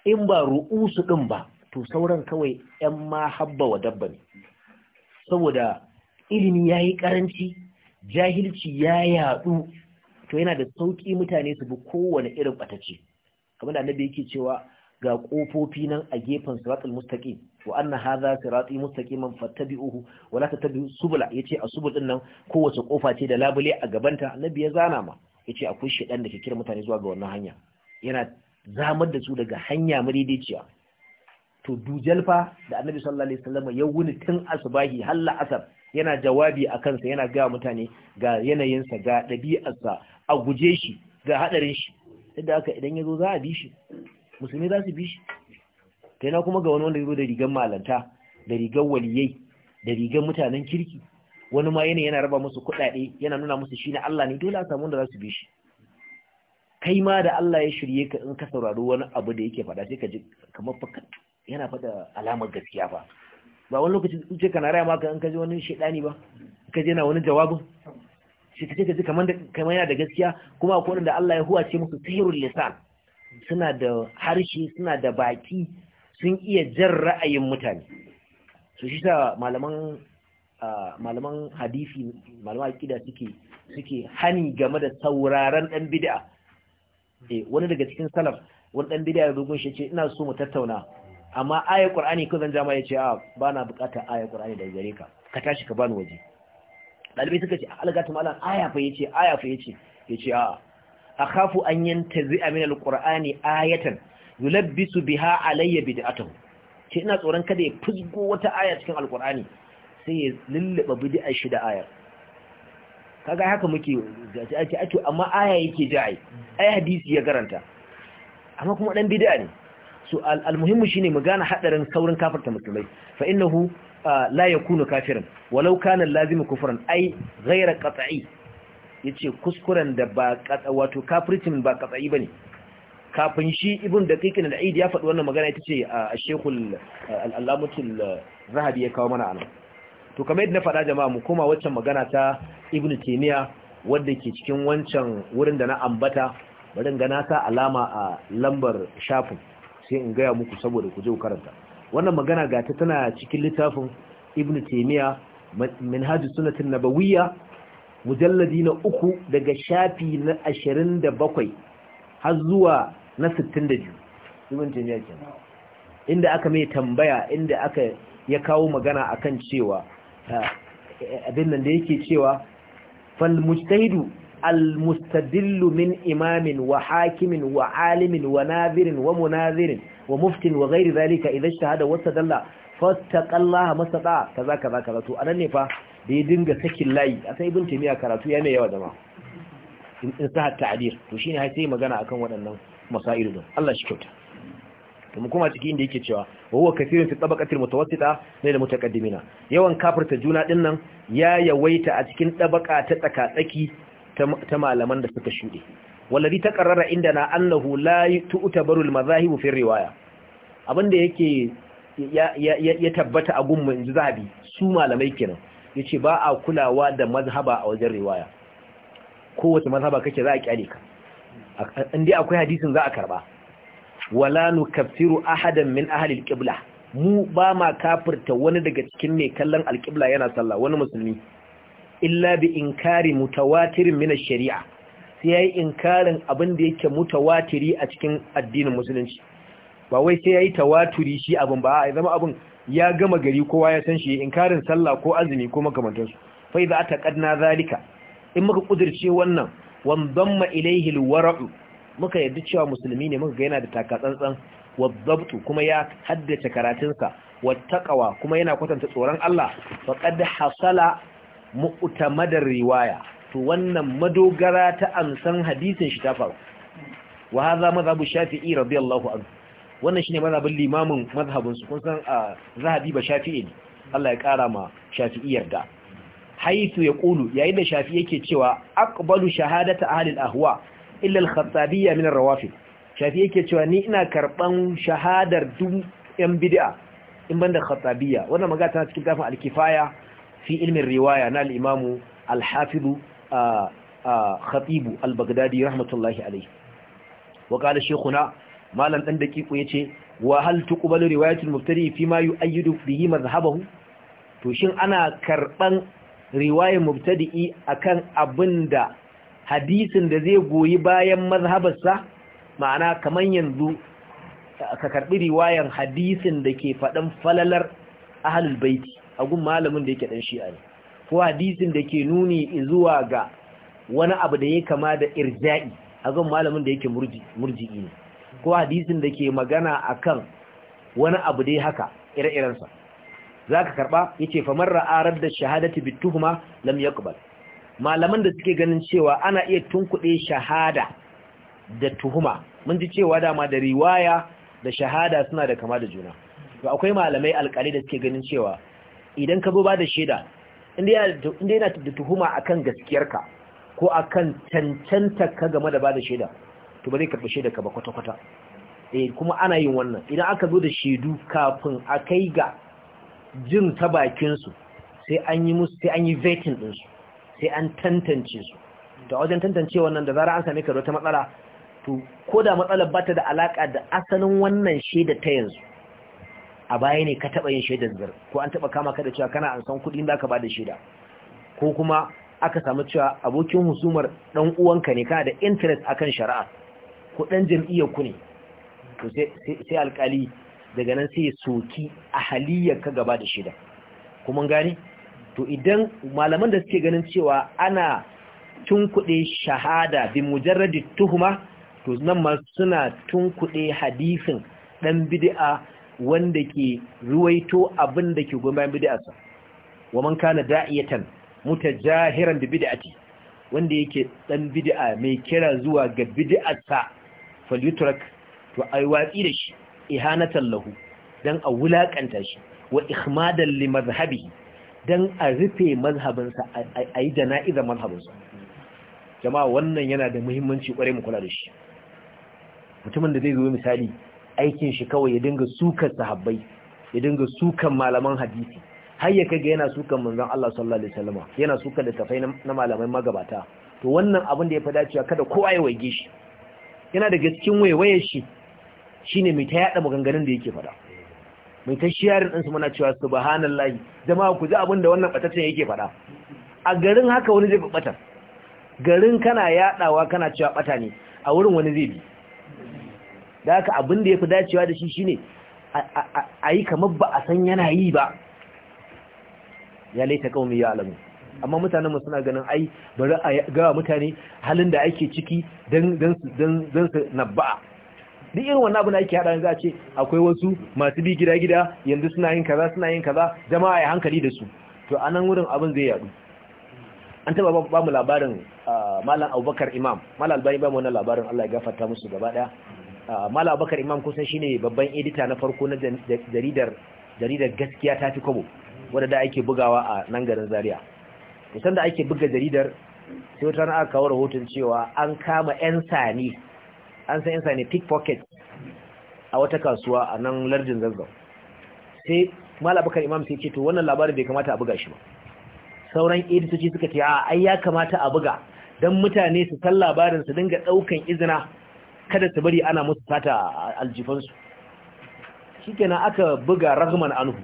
in ba ru'usu din ba to sauran kawai yan ma habba wa dabba ne saboda ilimi yayi karanci jahilci ya yadu to yana da sauki mutane su bi kowane irin batacce kamar da annabi yake cewa ga kofofi nan a gefen siratul mustaqim wa anna hadha sirati mustaqiman fattabi'uhu wa la tattabi'u subula yace a subul din nan kowace kofa ce da labule a gabanta annabi ya zana ma yace akwai shedan da ke kira mutane zuwa ga wannan hanya yana zamar da su daga hanya madaidaiciya to dujal da annabi sallallahu alaihi wasallam ya wuni tun asbahi har la'asar yana jawabi a kansa yana ga mutane ga yanayinsa ga dabi'arsa a guje shi ga hadarin shi idan haka idan ya zo za a bi shi musulmi za su bi shi kai na kuma ga wani wanda zo da rigar malanta da rigar waliyai da rigar mutanen kirki wani ma yana yana raba musu kuɗaɗe yana nuna musu shi na Allah ne dole a samu wanda za su bi shi kai ma da Allah ya shirye ka in ka sauraro wani abu da yake faɗa sai ka ji kamar fa yana faɗa alamar gaskiya ba ba wani lokaci ce kana raya maka in ka ji wani shaidani ba ka ji yana wani jawabin sai ka ce ka ji kamar yana da gaskiya kuma akwai wanda Allah ya huwace musu sihirul lisan suna da harshe suna da baki sun iya jan ra'ayin mutane su shi ta malaman hadifi, hadisi malaman aqida suke hani game da sauraron ɗan bid'a eh, wani daga cikin salaf wani ɗan bid'a ya dogon shi ce ina so mu tattauna amma ayar ƙur'ani kan zan jama ya ce a ba na buƙatar ayar ƙur'ani da gare ka ka tashi ka bani waje Ɗalibai suka ce algata malam aya fa yace aya fa yace yace a kafu an yanta yantazi min ƙur'ani ayatan yulabbisu biha alayya bid'atuh ce ina tsoron kada ya fusgo wata aya cikin alkur'ani sai ya lullaba bid'a shi da ayar kaga haka muke gaci ake ato amma aya yake ji ai hadisi ya garanta amma kuma dan bid'a ne so almuhimmu shine mu gane hadarin saurin kafirta musulmai fa innahu la yakunu kafiran walau kana lazim kufran ai ghayra qat'i yace kuskuren da ba wato kafircin ba qat'i bane kafin shi ibn da kikin al'id ya faɗi wannan magana ita ce a shekul al'amutul zahabi ya kawo mana anan to kamar yadda na faɗa jama'a mu koma waccan magana ta ibn taymiya wadda ke cikin wancan wurin da na ambata bari in ga sa alama a lambar shafin sai in gaya muku saboda ku je ku karanta wannan magana ga ta tana cikin littafin ibn taymiya minhajus sunnatin nabawiyya mujalladi na uku daga shafi na ashirin da bakwai har zuwa na 62 ibn taymiya kenan inda aka mai tambaya inda aka ya kawo magana akan cewa abin nan da yake cewa fal mujtahidu al mustadillu min imamin wa hakimin wa alimin wa nadirin wa munadirin wa muftin wa ghairi zalika idan shahada wa tadalla fattaqallaha masata kaza kaza kaza to anan ne fa da ya dinga sakin layi a sai ibn taymiya karatu ya mai yawa jama'a in sa ta'dir to shine har sai magana akan waɗannan masailu Allah shi kyauta kuma kuma cikin inda yake cewa wa huwa kathirun fi tabaqatil mutawassita min almutaqaddimina yawan kafirta juna din nan ya yawaita a cikin tabaka ta tsakatsaki ta malaman da suka shude wallazi taqarrara indana annahu la tu'tabaru almadhahibu fi riwaya abinda yake ya tabbata a gun inji zabi su malamai kenan yace ba a kulawa da mazhaba a wajen riwaya kowace mazhaba kake za a kyale ka inda akwai hadisin za a karba wala nukaffiru ahadan min ahli alqibla mu ba ma kafirta wani daga cikin mai kallon alqibla yana sallah wani musulmi illa bi inkari mutawatirin min ash-shari'a sai yayi inkarin abin da yake mutawatiri a cikin addinin musulunci ba wai sai yayi tawaturi shi abin ba ya zama abin ya gama gari kowa ya san shi inkarin sallah ko azumi ko makamantansu fa idza ataqadna zalika in muka kudirce wannan wandamma ilaihi alwara'u muka yadda cewa musulmi ne muka ga yana da takatsantsan wadzabtu kuma ya haddace karatunsa wattaqwa kuma yana kwatanta tsoron Allah faqad hasala mu'tamadar riwaya to wannan madogara ta amsan hadisin shi ta faru wa hadha madhhabu shafi'i radiyallahu anhu wannan shine madhabin limamin madhabin su kun san ah, zahabi ba shafi'i Allah ya kara ma shafi'i yarda Haisu ya ƙulu yayin da shafi yake cewa aqbalu shahadata ahlil ahwa illa al-khattabiyya min ar-rawafid shafi yake cewa ni ina karban shahadar duk yan bid'a in banda khattabiyya wannan magana tana cikin alkifaya al-kifaya fi ilmin riwaya na al-imamu al-hafiz khatib al-baghdadi rahmatullahi alayhi wa qala shaykhuna malam dan dakiku yace wa hal tuqbalu riwayatul mubtadi fi ma yu'ayyidu bihi madhhabahu to shin ana karban riwayar mubtadi'i akan abinda hadisin da zai goyi bayan mazhabarsa ma'ana kaman yanzu ka karbi riwayan hadisin da ke fadan falalar ahlul baiti a gun malamin da yake dan shi'a ne ko hadisin da ke nuni zuwa ga wani abu da ya kama da irja'i a gun malamin da yake murji'i ne ko hadisin da ke magana akan wani abu dai haka ire-irensa zaka karba yace faman ra'a radda shahadati bituhuma lam yaqbal malaman da suke ganin cewa ana iya tunkuɗe shahada da tuhuma mun ji cewa dama da riwaya da shahada suna da kama da juna to akwai malamai alƙali da suke ganin cewa idan ka zo ba da shaida inda yana da tuhuma akan gaskiyarka ko akan cancanta ka game da ba da shaida to ba zai karɓi shaida ka ba kwata-kwata eh kuma ana yin wannan idan aka zo da shaidu kafin a kai ga jin ta bakinsu sai an yi musu sai an yi vetting ɗinsu sai an tantance su da wajen tantance wannan da zara an sami karo ta matsala to ko da matsalar ba ta da alaƙa da asalin wannan shaida ta yanzu a baya ne ka taɓa yin shaidar zar ko an taɓa kama ka da cewa kana an san kuɗi da ka ba da shaida ko kuma aka samu cewa abokin husumar ɗan uwanka ne kana da interest akan shari'a ko ɗan jam'iyyar ku ne to sai alƙali daga nan sai ya soki a haliyar ka gaba da shida kuma gani to idan malaman da suke ganin cewa ana tunkuɗe shahada bi mujarradi tuhuma to nan ma suna tunkuɗe hadisin ɗan bid'a wanda ke ruwaito abin da ke goma bid'arsa wa man kana da'iyatan mutajahiran bi bid'ati wanda yake ɗan bid'a mai kira zuwa ga bid'arsa falyutrak to ai watsi da shi ihanatan lahu dan a wulakanta shi wa ikhmadan li mazhabi dan a rufe mazhabinsa a yi jana'iza mazhabinsa jama'a wannan yana da muhimmanci kware mu kula da shi mutumin da zai zo misali aikin shi kawai ya dinga sukan sahabbai ya dinga sukan malaman hadisi har ya kaga yana sukan manzon Allah sallallahu alaihi wasallama yana sukan littafai na malamai magabata to wannan abin da ya fi dacewa kada kowa ya wage shi yana da gaskin waiwaye shi shine mai ta yada maganganun da yake fada mai ta shiyarin ɗinsu mana cewa su subhanallahi jama'a ku ji abin da wannan batacin yake fada a garin haka wani zai ɓata, garin kana yadawa kana cewa ɓata ne a wurin wani zai bi da haka abin da ya fi dacewa da shi shine a yi kamar ba a san yana yi ba ya laita kaumi ya alamu amma mutanen mu suna ganin ai bari a ga mutane halin da ake ciki don su nabba'a duk irin wannan abu na yake hada za a ce akwai wasu masu bi gida gida yanzu suna yin kaza suna yin kaza jama'a ya hankali da su to a nan wurin abin zai yadu an taba ba mu labarin malam abubakar imam malam albani ba mu wannan labarin allah ya gafarta musu gaba ɗaya malam abubakar imam kusan shine babban edita na farko na jaridar jaridar gaskiya ta fi kwabo wadda da ake bugawa a nan garin zaria kusan da ake buga jaridar sai wata aka kawo rahoton cewa an kama 'yan sani an san yansa ne pickpocket a wata kasuwa a nan lardin zazzau sai malabakar imam sai ce to wannan labarin bai kamata a buga shi ba sauran editoci suka ce a ya kamata a buga don mutane su san labarin su dinga daukan izina kada su bari ana musu sata aljifansu shikenan aka buga rahman anhu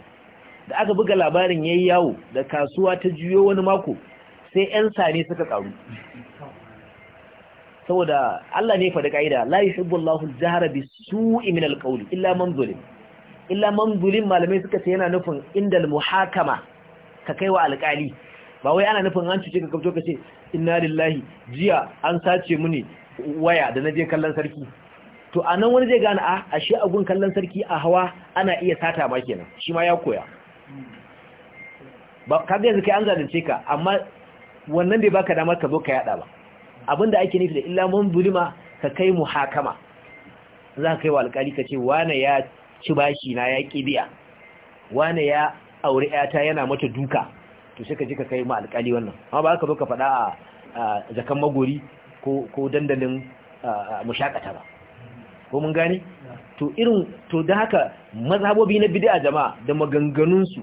da aka buga labarin yayi yawo da kasuwa ta juyo wani mako sai yan sane suka karu saboda Allah ne faɗi ka'ida, la yuhibbu Allahu al-jahra su'i min al-qawli illa man zulim illa man zulim malamai suka ce yana nufin indal muhakama ka kai wa alƙali ba wai ana nufin an cuce ka kabto ka ce inna lillahi jiya an sace muni waya da na je kallon sarki to anan wani zai gane ah, a ashe gun kallon sarki a hawa ana iya sata ma kenan shi ma ya koya ba ka ga yanzu kai an zalunce ka amma wannan bai baka damar ka zo ka yada ba abinda ake nufi da illa mun bulima ka kai hakama. za ka kai wa alƙali ka ce wane ya ci bashi na ya ƙibiya biya wane ya aure ta yana mata duka to sai ka ji ka kai mu alƙali wannan amma ba ka zo ka faɗa a zakan magori ko dandalin mushakata ba ko mun gane to irin to da haka mazhabobi na bid'a jama'a da maganganunsu,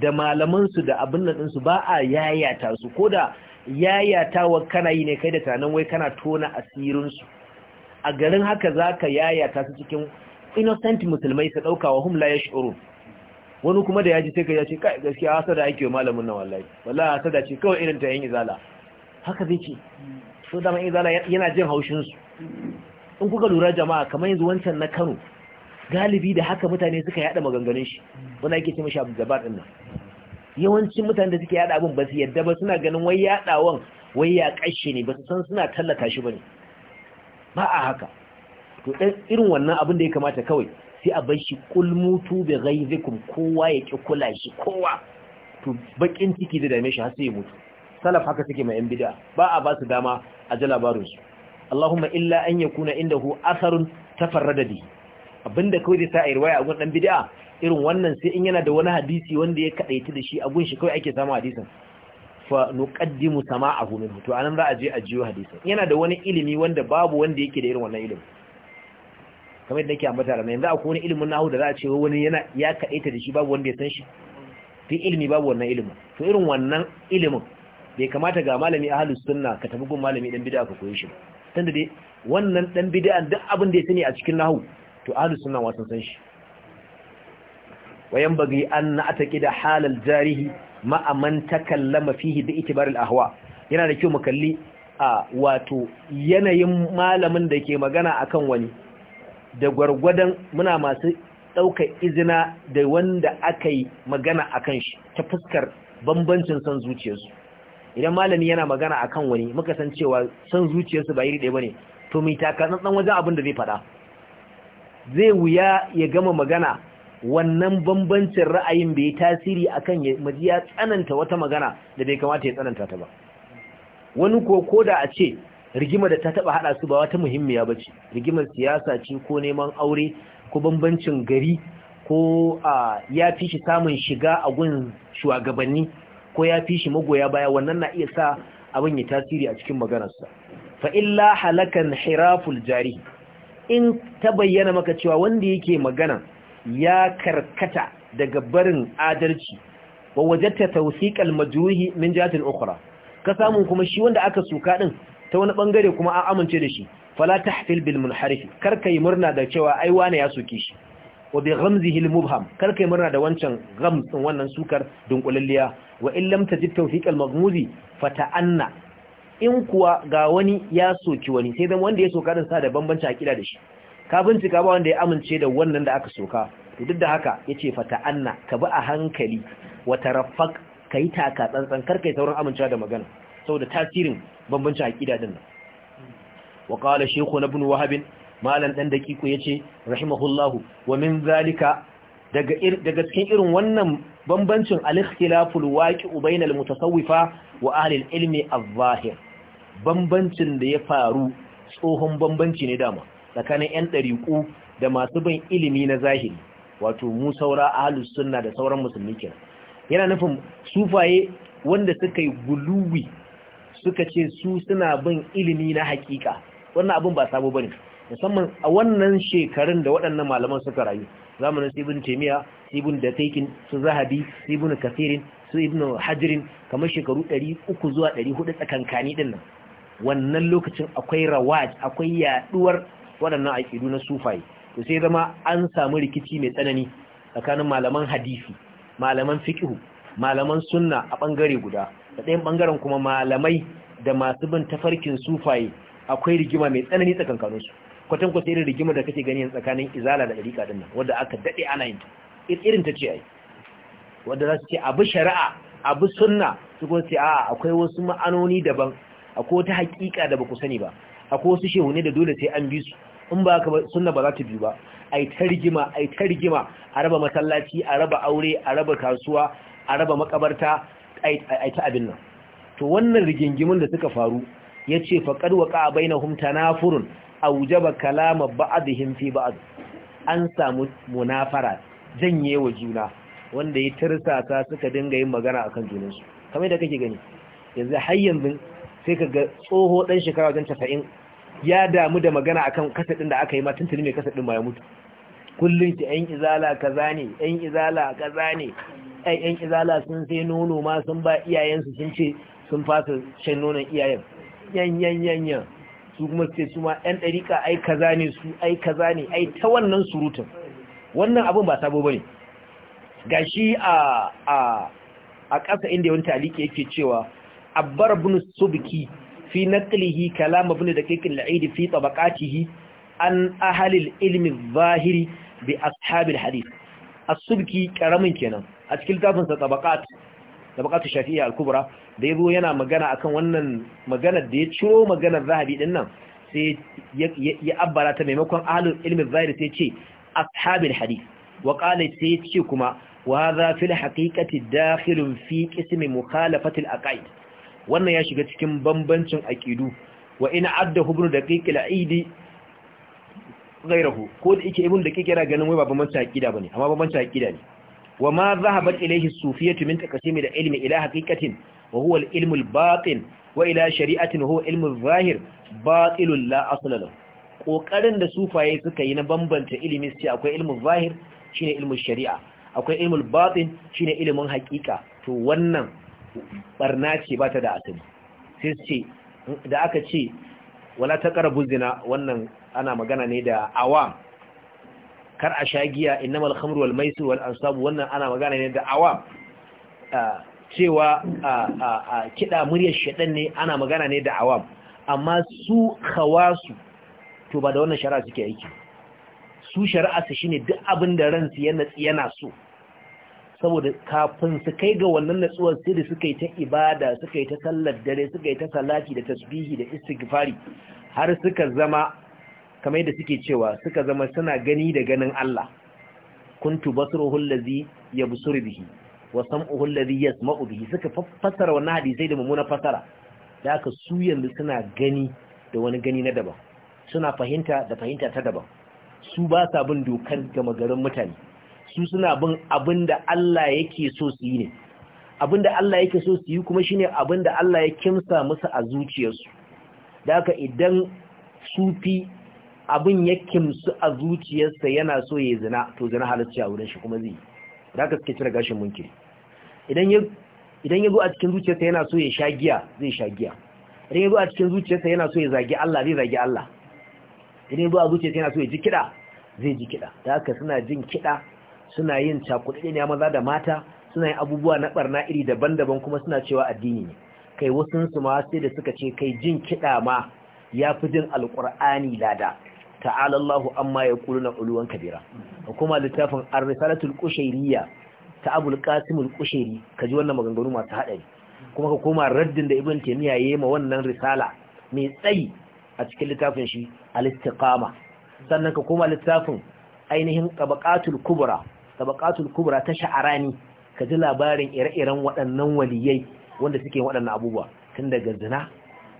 da malamansu, da abin nan ba a yayata su koda yayatawa kana yi ne kai da tunanin wai kana tona asirinsu a garin haka za ka yayata su cikin innocent musulmai su ɗauka wa humla ya shi'urun wani kuma da ya ji sai ka yace kai gaskiya da ake wa malamin nan wallahi wallahi da ce kawai irin ta yan izala haka zai ce so da man izala yana jin haushin su in kuka lura jama'a kamar yanzu wancan na Kano galibi da haka mutane suka yada maganganun shi wanda yake ce mishi Abdul Jabbar din nan yawancin mutane da suke yada abin ba su yadda ba suna ganin wai yadawan wai ya kashe ne ba su san suna tallata shi ba ne ba a haka to dan irin wannan abin da ya kamata kawai sai a bar shi kulmutu bi ghaizikum kowa ya ki kula shi kowa to bakin ciki da dame shi har sai ya mutu salaf haka suke mai yan bid'a ba a ba su dama a ji su Allahumma illa an yakuna indahu asarun tafarrada bihi abinda kawai zai sa a riwaya a gun dan bid'a irin wannan sai in yana da wani hadisi wanda ya kadaici da shi a gun shi kawai ake samu hadisin fa nuqaddimu sama'ahu min to anan za a je a jiyo hadisin yana da wani ilimi wanda babu wanda yake da irin wannan ilimi kamar yadda nake ambata da yanzu akwai wani ilimin nahu da za a ce wani yana ya kadaita da shi babu wanda ya san shi fi ilimi babu wannan ilimin to irin wannan ilimin bai kamata ga malami ahlus sunna ka tafi gun malami dan bid'a ka koyi shi tunda dai wannan dan bid'a duk abin da ya sani a cikin nahu to ahlus sunna wasan san shi wayan bagi an na ataki da halal jarihi ma'aman takallama fihi da itibaril ahwa yana da kyau mu a wato yanayin malamin da ke magana akan wani da gwargwadon muna masu ɗaukar izina da wanda aka yi magana akan shi ta fuskar bambancin san zuciyarsu idan malami yana magana akan wani muka san cewa san zuciyarsu ba iri ɗaya bane to mai taka wajen abin da zai faɗa zai wuya ya gama magana wannan bambancin ra'ayin bai tasiri akan ya maji ya tsananta wata magana da bai kamata ya tsananta ta ba wani ko da a ce rigima da ta taba hada su ba wata muhimmiya ba ce. rigimar siyasa ce ko neman aure ko bambancin gari ko ya fi shi samun shiga a gun shugabanni ko ya fi shi magoya baya wannan na iya sa abin ya tasiri a cikin maganarsa fa illa halakan hiraful jari in ta bayyana maka cewa wanda yake magana ya karkata daga barin adalci wa wajenta tawsiqal majruhi min jatin ukhra ka samu kuma shi wanda aka suka din ta wani bangare kuma an amince da shi fala tahfil bil munharif karka yi murna da cewa ai wane ya suke shi wa bi ghamzihi al mubham karka yi murna da wancan ghamsin wannan sukar dunkulalliya wa illam lam tajid tawfiqal maghmuzi anna in kuwa ga wani ya soki wani sai zama wanda ya soka din sa da bambanci akida da shi ka bincika ba wanda ya amince da wannan da aka soka to duk da haka yace fata anna ka bi a hankali wa ka kai taka tsantsan kar yi sauran amincewa da magana saboda tasirin bambanci akida din nan wa qala shaykhu ibn wahab malan dan dakiku yace rahimahullahu wa min zalika daga daga cikin irin wannan bambancin al-ikhtilaful waqi'u bainal mutasawwifa wa ahli al-ilmi al-zahir bambancin da ya faru tsohon bambanci ne dama tsakanin 'yan ɗariƙu da masu bin ilimi na zahiri wato mu saura ahalus sunna da sauran musulmi ke yana nufin sufaye wanda suka yi guluwi suka ce su suna bin ilimi na hakika wannan abin ba sabo bane musamman a wannan shekarun da waɗannan malaman suka rayu zamanin su ibn taymiya su ibn su zahabi su ibn kafirin su ibn hajirin kamar shekaru 300 zuwa 400 tsakankani din nan wannan lokacin akwai rawaj akwai yaduwar waɗannan aƙidu na sufaye to sai zama an samu rikici mai tsanani tsakanin malaman hadisi malaman fiqh malaman sunna a bangare guda da ɗayan bangaren kuma malamai da masu bin tafarkin sufaye akwai rigima mai tsanani tsakankanin su kwatan kwata irin rigima da kake gani tsakanin izala da ɗariƙa ɗin nan wanda aka dade ana yin ta irin ta ce ai wanda za su ce abu shari'a abu sunna su kuma ce a'a akwai wasu ma'anoni daban akwai wata haƙiƙa da ba ku sani ba akwai wasu shehu da dole sai an bi su in ba ka sunna ba za ta biyu ba ai tarjima ai tarjima a raba masallaci a raba aure a raba kasuwa a raba makabarta ai ta abin nan to wannan rigingimin da suka faru yace qad waqa bainahum tanafurun awjaba kalama ba'dihim fi ba'd an samu munafara janye wa juna wanda ya tirsasa suka dinga yin magana akan junansu kamar da kake gani yanzu har yanzu sai ka ga tsoho ɗan shekara wajen tafa'in ya damu da magana akan kasadin da aka yi ma tuntuni mai kasadin ma ya mutu kullum ki yan izala kaza ne yan izala kaza ne yan izala sun sai nono ma sun ba iyayensu sun ce sun fasa shan nonon iyayen yan yan yan yan su kuma ce su ma yan ɗariƙa ai kaza ne su ai kaza ne ai ta wannan surutun wannan abun ba sabo bane gashi a a a ƙasa inda yawan taliki yake cewa abbar ibn subki fi naqlihi kalam ibn daqiq al-aid fi tabaqatihi an ahli al-ilm al-zahiri bi ashab al-hadith as-subki karamin kenan a cikin tafin sa tabaqat tabaqat shafi'i al-kubra da yabo yana magana akan wannan maganar da ya ciro maganar zahabi din nan sai ya abbara ta maimakon ahlul ilmi zahiri sai ce ashabul hadith wa qala sai ce kuma wa hadha fil haqiqati dakhilun fi qismi mukhalafati al-aqaid wannan ya shiga cikin bambancin aqidu wa ina addahu ibn daqiq al-aidi ghayruhu ko da yake ibn daqiq yana ganin wai ba bambancin aqida bane amma bambancin aqida ne wa ma dhahabat ilayhi as-sufiyatu min taqsimi da ilmi ila haqiqatin wa huwa al-ilmu al-batin wa ila shari'atin huwa ilmu al-zahir batilun la asla lahu kokarin da sufaye suka yi na bambanta ilimi sai akwai ilmu zahir shine ilmu shari'a akwai ilmu batin shine ilimin haqiqa to wannan barna ce ba ta da asali sai ce da aka ce wala ta karabu zina wannan ana magana ne da awam kar a sha giya innamal khamru wal maisir wal ansab wannan ana magana ne da awam cewa a kida muryar shedan ne ana magana ne da awam amma su khawasu to ba da wannan shari'a suke aiki su shari'a su shine duk abin da ransu yana yana so saboda kafin su kai ga wannan natsuwar sai da suka yi ta ibada suka yi ta sallar dare suka yi ta salati da tasbihi da istighfari har suka zama kamar da suke cewa suka zama suna gani da ganin Allah kuntu basruhul ladhi yabsuru bihi wa sam'uhul ladhi yasma'u bihi suka fassara wannan hadisi da mummuna fassara da aka su yanzu suna gani da wani gani na daban suna fahimta da fahimta ta daban su ba sa bin dokar gama garin mutane su suna bin abin da Allah yake so su yi ne abin da Allah yake so su yi kuma shine abin da Allah ya kimsa musu a zuciyarsu da haka idan sufi abin ya kimsu a zuciyarsa yana so ya zina to zina halarci a wurin shi kuma zai da haka suke cire gashin munkiri idan ya idan ya zo a cikin zuciyarsa yana so ya sha giya zai sha giya idan ya zo a cikin zuciyarsa yana so ya zagi Allah zai zagi Allah idan ya zo a zuciyarsa yana so ya ji kiɗa zai ji kiɗa da haka suna jin kiɗa suna yin cakuɗe ne maza da mata suna yin abubuwa na barna iri daban-daban kuma suna cewa addini ne kai wasu su ma sai da suka ce kai jin kiɗa ma ya fi jin alƙur'ani lada ta'ala Allahu amma ya kulu na uluwan kabira kuma littafin ar-risalatul qushayriyya ta Abul Qasim al-Qushayri kaji wannan maganganu masu haɗari kuma ka koma raddin da Ibn taymiya yayi ma wannan risala mai tsayi a cikin littafin shi al-Istiqama sannan ka koma littafin ainihin tabaqatul kubra tabaqatul kubra ta sha'arani ka ji labarin ire-iren waɗannan waliyai wanda suke waɗannan abubuwa tun daga zina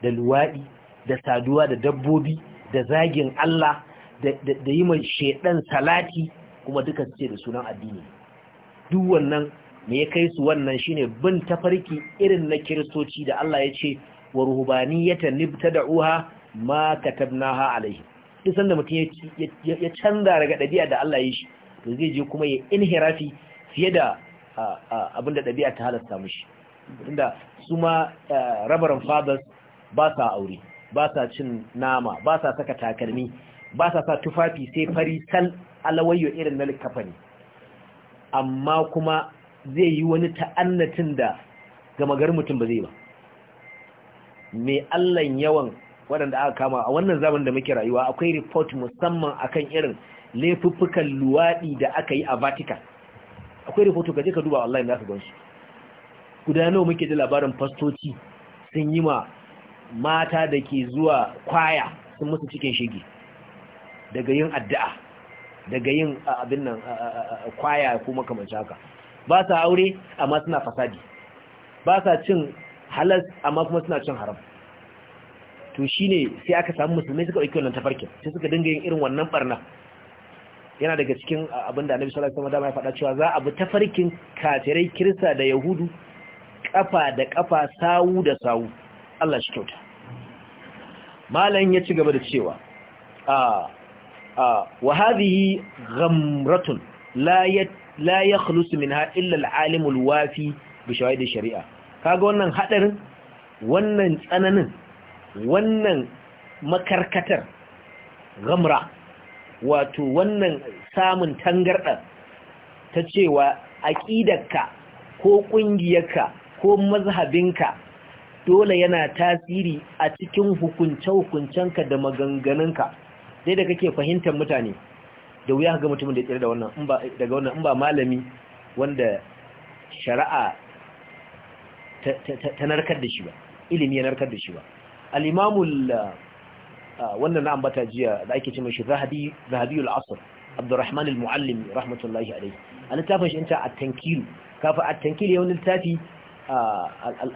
da luwaɗi da saduwa da dabbobi da zagin Allah da yi mai shaidan salati kuma duka su ce da sunan addini duk wannan me ya kai su wannan shine bin tafarki irin na kiristoci da Allah ya ce wa da nibtada'uha ma katabnaha alaihi duk sanda mutum ya canza daga ɗabi'a da Allah ya shi to zai je kuma ya inhirafi fiye da abin da ɗabi'a ta halasta mushi tunda su ma rabaran fathers ba sa aure ba sa cin nama ba sa saka takalmi ba sa sa tufafi sai fari sal alawayyo irin na likafani amma kuma zai yi wani ta'annatin da gama garin mutum ba zai ba mai allan yawan waɗanda aka kama a wannan zaman da muke rayuwa akwai report musamman akan irin laifuffukan luwaɗi da aka yi a Vatican akwai rahoto je ka duba ya nasu gansu guda nawa muke da labarin fastoci sun yi ma mata da ke zuwa kwaya sun musu cikin shige daga yin addu'a daga yin abin nan kwaya ko makamanci haka ba sa aure amma suna fasadi ba sa cin halas amma kuma suna cin haram to shine sai aka samu musulmai suka ɗauki wannan tafarkin sai suka dinga yin irin wannan barna yana daga cikin abin da annabi sallallahu alaihi wasallam ya faɗa cewa za a bi tafarkin kafirai kirista da yahudu kafa da kafa sawu da sawu Allah shi kyauta malan ya ci gaba da cewa a a wa hadhihi ghamratun la la yakhlus minha illa al-alim al-wafi bi al shari'a kaga wannan hadarin wannan tsananin wannan makarkatar ghamra wato wannan samun tangarɗa ta cewa aƙidarka ko ƙungiyarka ko mazhabinka dole yana tasiri a cikin hukunce-hukuncenka da maganganunka sai da kake fahimtar mutane da wuya ga mutumin da tsere da daga wannan in ba malami wanda shari'a ta narkar da shi ba ilimi ya narkar da shi ba al wannan na ambata jiya da ake ce mashi zahabi zahabiyul asr abdurrahman al-muallim rahmatullahi alayhi a littafin shi ta at-tankil kafa at-tankil yawon littafi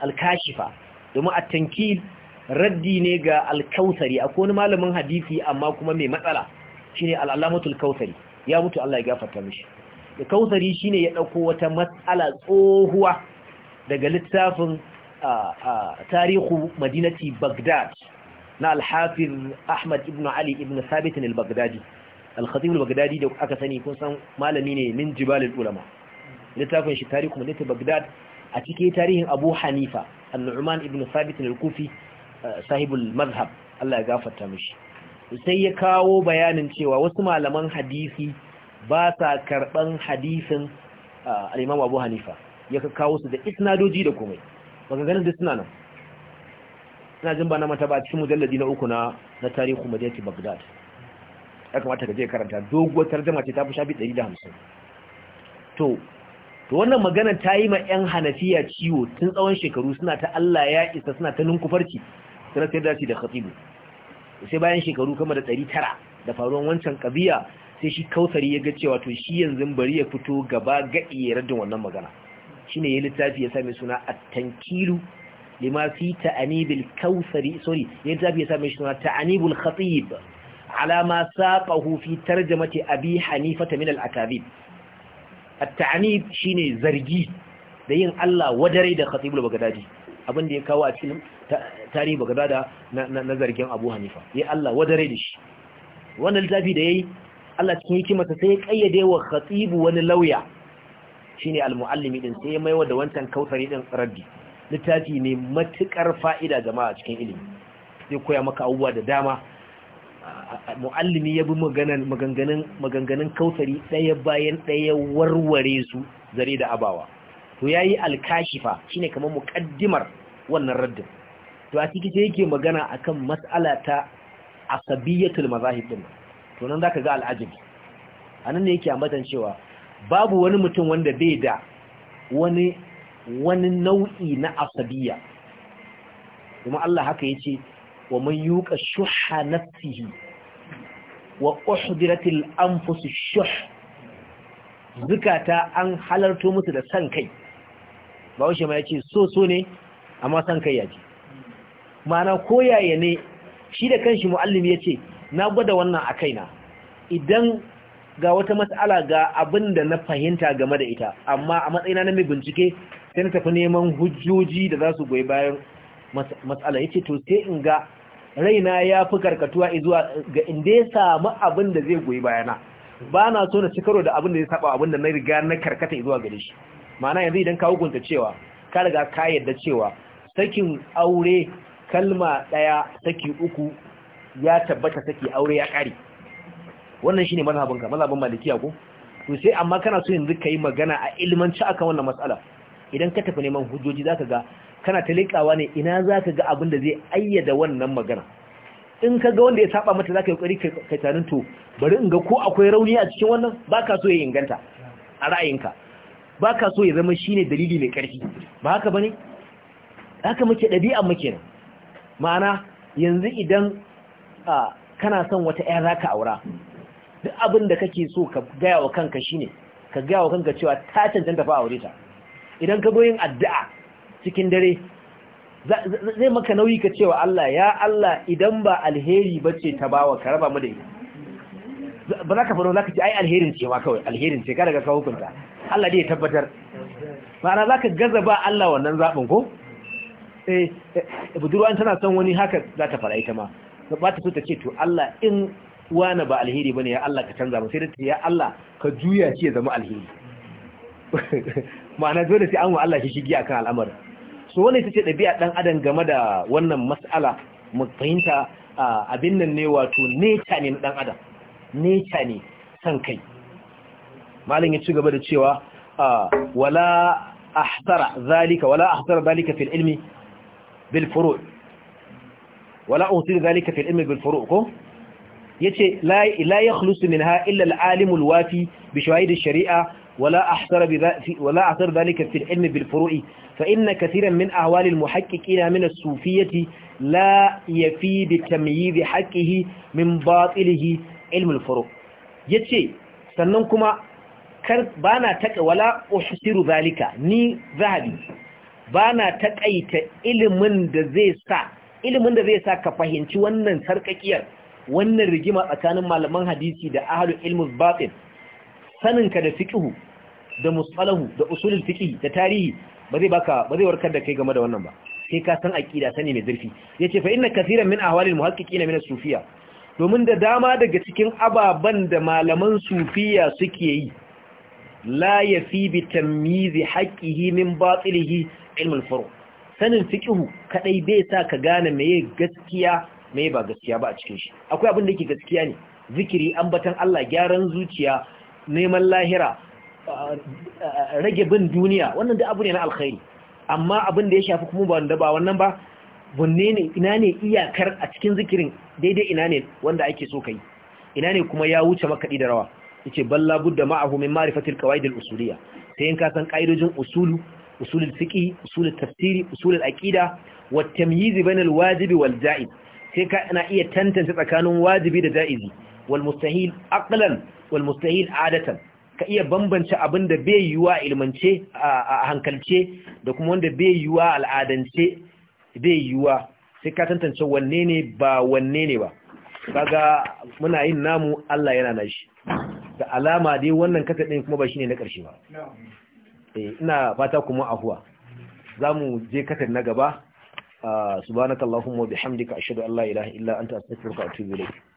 al-kashifa domin at-tankil raddi ne ga al-kausari akwai wani malamin hadisi amma kuma mai matsala shine al-alamatul kausari ya mutu Allah ya gafarta mishi da kausari shine ya dauko wata matsala tsohuwa daga littafin tarihu madinati bagdad na alhafin Ahmad ibn Ali ibn sabitin al-Baghdadi al-Khatib al-Baghdadi da aka sani kun san malami ne min jibal ulama littafin shi tarihu madinatu Baghdad a cikin tarihin Abu Hanifa an-Nu'man ibn sabit al-Kufi eh, sahibul mazhab Allah ya gafarta mishi sai ya kawo bayanin cewa wasu malaman hadisi ba sa karban hadisin eh, al-Imam Abu Hanifa ya kawo su da isnadoji da komai ganin da suna nan ina jin ba na mata ba cikin mujalladi na uku na na tarihu madinati bagdad ya kamata ka je karanta doguwar tarjuma ce ta fi shafi 150 to to wannan magana ta yi ma yan hanafiya ciwo tun tsawon shekaru suna ta Allah ya isa suna ta ninkufarci suna sai dace da khatibu sai bayan shekaru kama da 900 da faruwar wancan kabiya sai shi kausari ya ga cewa to shi yanzu bari ya fito gaba ga iyerar raddin wannan magana shine ya littafi ya mai suna at tankilu lima fi ta'anibil kausari sorry ya tafi ya same shi suna ta'anibul khatib ala ma saqahu fi tarjamati abi hanifa min al-akabib at-ta'anib shine zargi da yin Allah da abin da ya kawo a cikin tarihi bagdada na zargin abu hanifa ya Allah wadare da shi wannan littafi da yayi Allah cikin hikimarsa sai ya kayyade wa khatibu wani lauya shine al-muallimi din sai ya maiwa da wancan kautari din raddi littafi ne matuƙar fa'ida a cikin ilimi zai koya maka abubuwa da dama mu'allimi ya bi maganganun kautari ɗaya bayan ɗaya warware su zare da abawa to ya yi alkashifa ne kamar muƙaddimar wannan raddin to a cikin yake magana a akan matsala ta asabiyatul mazahib to nan za ka ga al'ajabi anan ne yake ambatan cewa babu wani mutum wanda bai da wani wani nau'i na asabiya kuma Allah haka yace wa man yuqa shuhha nafsihi wa uhdiratil anfus shuh zukata an halarto musu da san kai ba wuce ma yace so so ne amma san kai yaji mana koyaye ne shi da kanshi muallimi yace na gwada wannan a kaina idan ga wata mas'ala ga abin da na fahimta game da ita amma a matsayina na mai bincike sai na tafi neman hujjoji da za su goyi bayan matsala ya ce to sai in ga raina ya fi karkatuwa izuwa ga inda ya samu abin da zai goyi bayana ba na so na cikaro da abin da zai saba abin da na riga na karkata izuwa gare shi ma'ana yanzu idan ka hukunta cewa ka riga ka yadda cewa sakin aure kalma ɗaya saki uku ya tabbata saki aure ya ƙare wannan shine mazhabinka mazhabin malikiya ko to sai amma kana so yanzu kai magana a ilmanci akan wannan matsala idan ka tafi neman hujjoji zaka ga kana ta leƙawa ne ina zaka ga abin da zai ayyada wannan magana in ka ga wanda ya saba mata zaka yi kokari ka tanin to bari in ga ko akwai rauni a cikin wannan baka so ya inganta a ra'ayinka baka so ya zama shine dalili mai karfi ba haka bane haka muke ɗabi'an muke nan ma'ana yanzu idan kana son wata ƴa zaka aura duk abin da kake so ka gaya wa kanka shine ka gaya wa kanka cewa ta cancanta fa aure ta idan ka goyin yin addu'a cikin dare zai maka nauyi ka cewa Allah ya Allah idan ba alheri ba ce ta bawa ka raba mu da ba za ka faru za ka ce ai alherin ce ma kawai alherin ce ka daga ka hukunta Allah dai ya tabbatar ma'ana za ka gaza ba Allah wannan zaɓin ko eh, eh an tana son wani haka za ta fara ita ma ba ta so ta ce to Allah in wani ba alheri ba ne ya Allah ka canza ba? sai da ta ya Allah ka juya shi ya zama alheri ma'ana dole sai an wa Allah shi shigi akan al'amarin so wani ita ce ɗabi'a ɗan adam game da wannan mas'ala mu fahimta abin nan ne wato neca ne na ɗan adam neca ne san kai malin ya ci gaba da cewa wala ahtara zalika wala ahtara zalika fil ilmi bil furu' wala uhtir zalika fil ilmi bil furu' ko yace la la yakhlusu minha illa al alim al wafi bi shawahid al shari'a ولا أحصر, ولا أحصر ذلك في العلم بالفروع فإن كثيرا من أهوال المحققين من الصوفية لا يفي بتمييز حقه من باطله علم الفروع يتشي سننكما بانا تك ولا أحصر ذلك ني ذهبي بانا تكأيت علم دزي سا ilimin da zai sa ka fahimci wannan sarkakiyar wannan rigima tsakanin malaman hadisi da ahlul ilmus batin saninka da fiƙihu da musalahu da usulul fiƙi da tarihi ba zai baka ba zai warkar da kai game da wannan ba sai ka san aqida sani mai zurfi yace fa inna kaseeran min ahwalil muhaqqiqina min as-sufiyya domin da dama daga cikin ababan da malaman sufiya suke yi la yafi bi tamyizi haqqihi min batilihi ilm al-furu sanin fiqhu kadai bai sa ka gane meye gaskiya meye ba gaskiya ba a cikin shi akwai abin da yake gaskiya ne zikiri ambatan Allah gyaran zuciya neman lahira rage bin duniya wannan da abu ne na alkhairi amma abin da ya shafi kuma ba wanda ba wannan ba wanne ne ina ne iyakar a cikin zikirin daidai ina ne wanda ake so kai ina ne kuma ya wuce makaɗi da rawa yace balla budda ma'ahu min ma'rifatil qawaid al usuliyya sai in ka san kaidojin usulu usulul fiqh usulul tafsiri usulul aqida wa tamyiz bainal wajibi wal ja'iz sai ka ana iya tantance tsakanin wajibi da ja'izi wal mustahil aqlan wal mustahil adatan ka iya bambance abin da bai yiwa ilmance a hankalce da kuma wanda bai a al'adance bai yiwuwa sai ka tantance wanne ne ba wanne ne ba kaga muna yin namu Allah yana shi. da alama dai wannan kasa din kuma ba shine na karshe ba eh ina fata kuma afuwa zamu je kasar na gaba ah, subhanakallahumma wa bihamdika ashhadu an la ilaha illa anta astaghfiruka wa atubu ilayk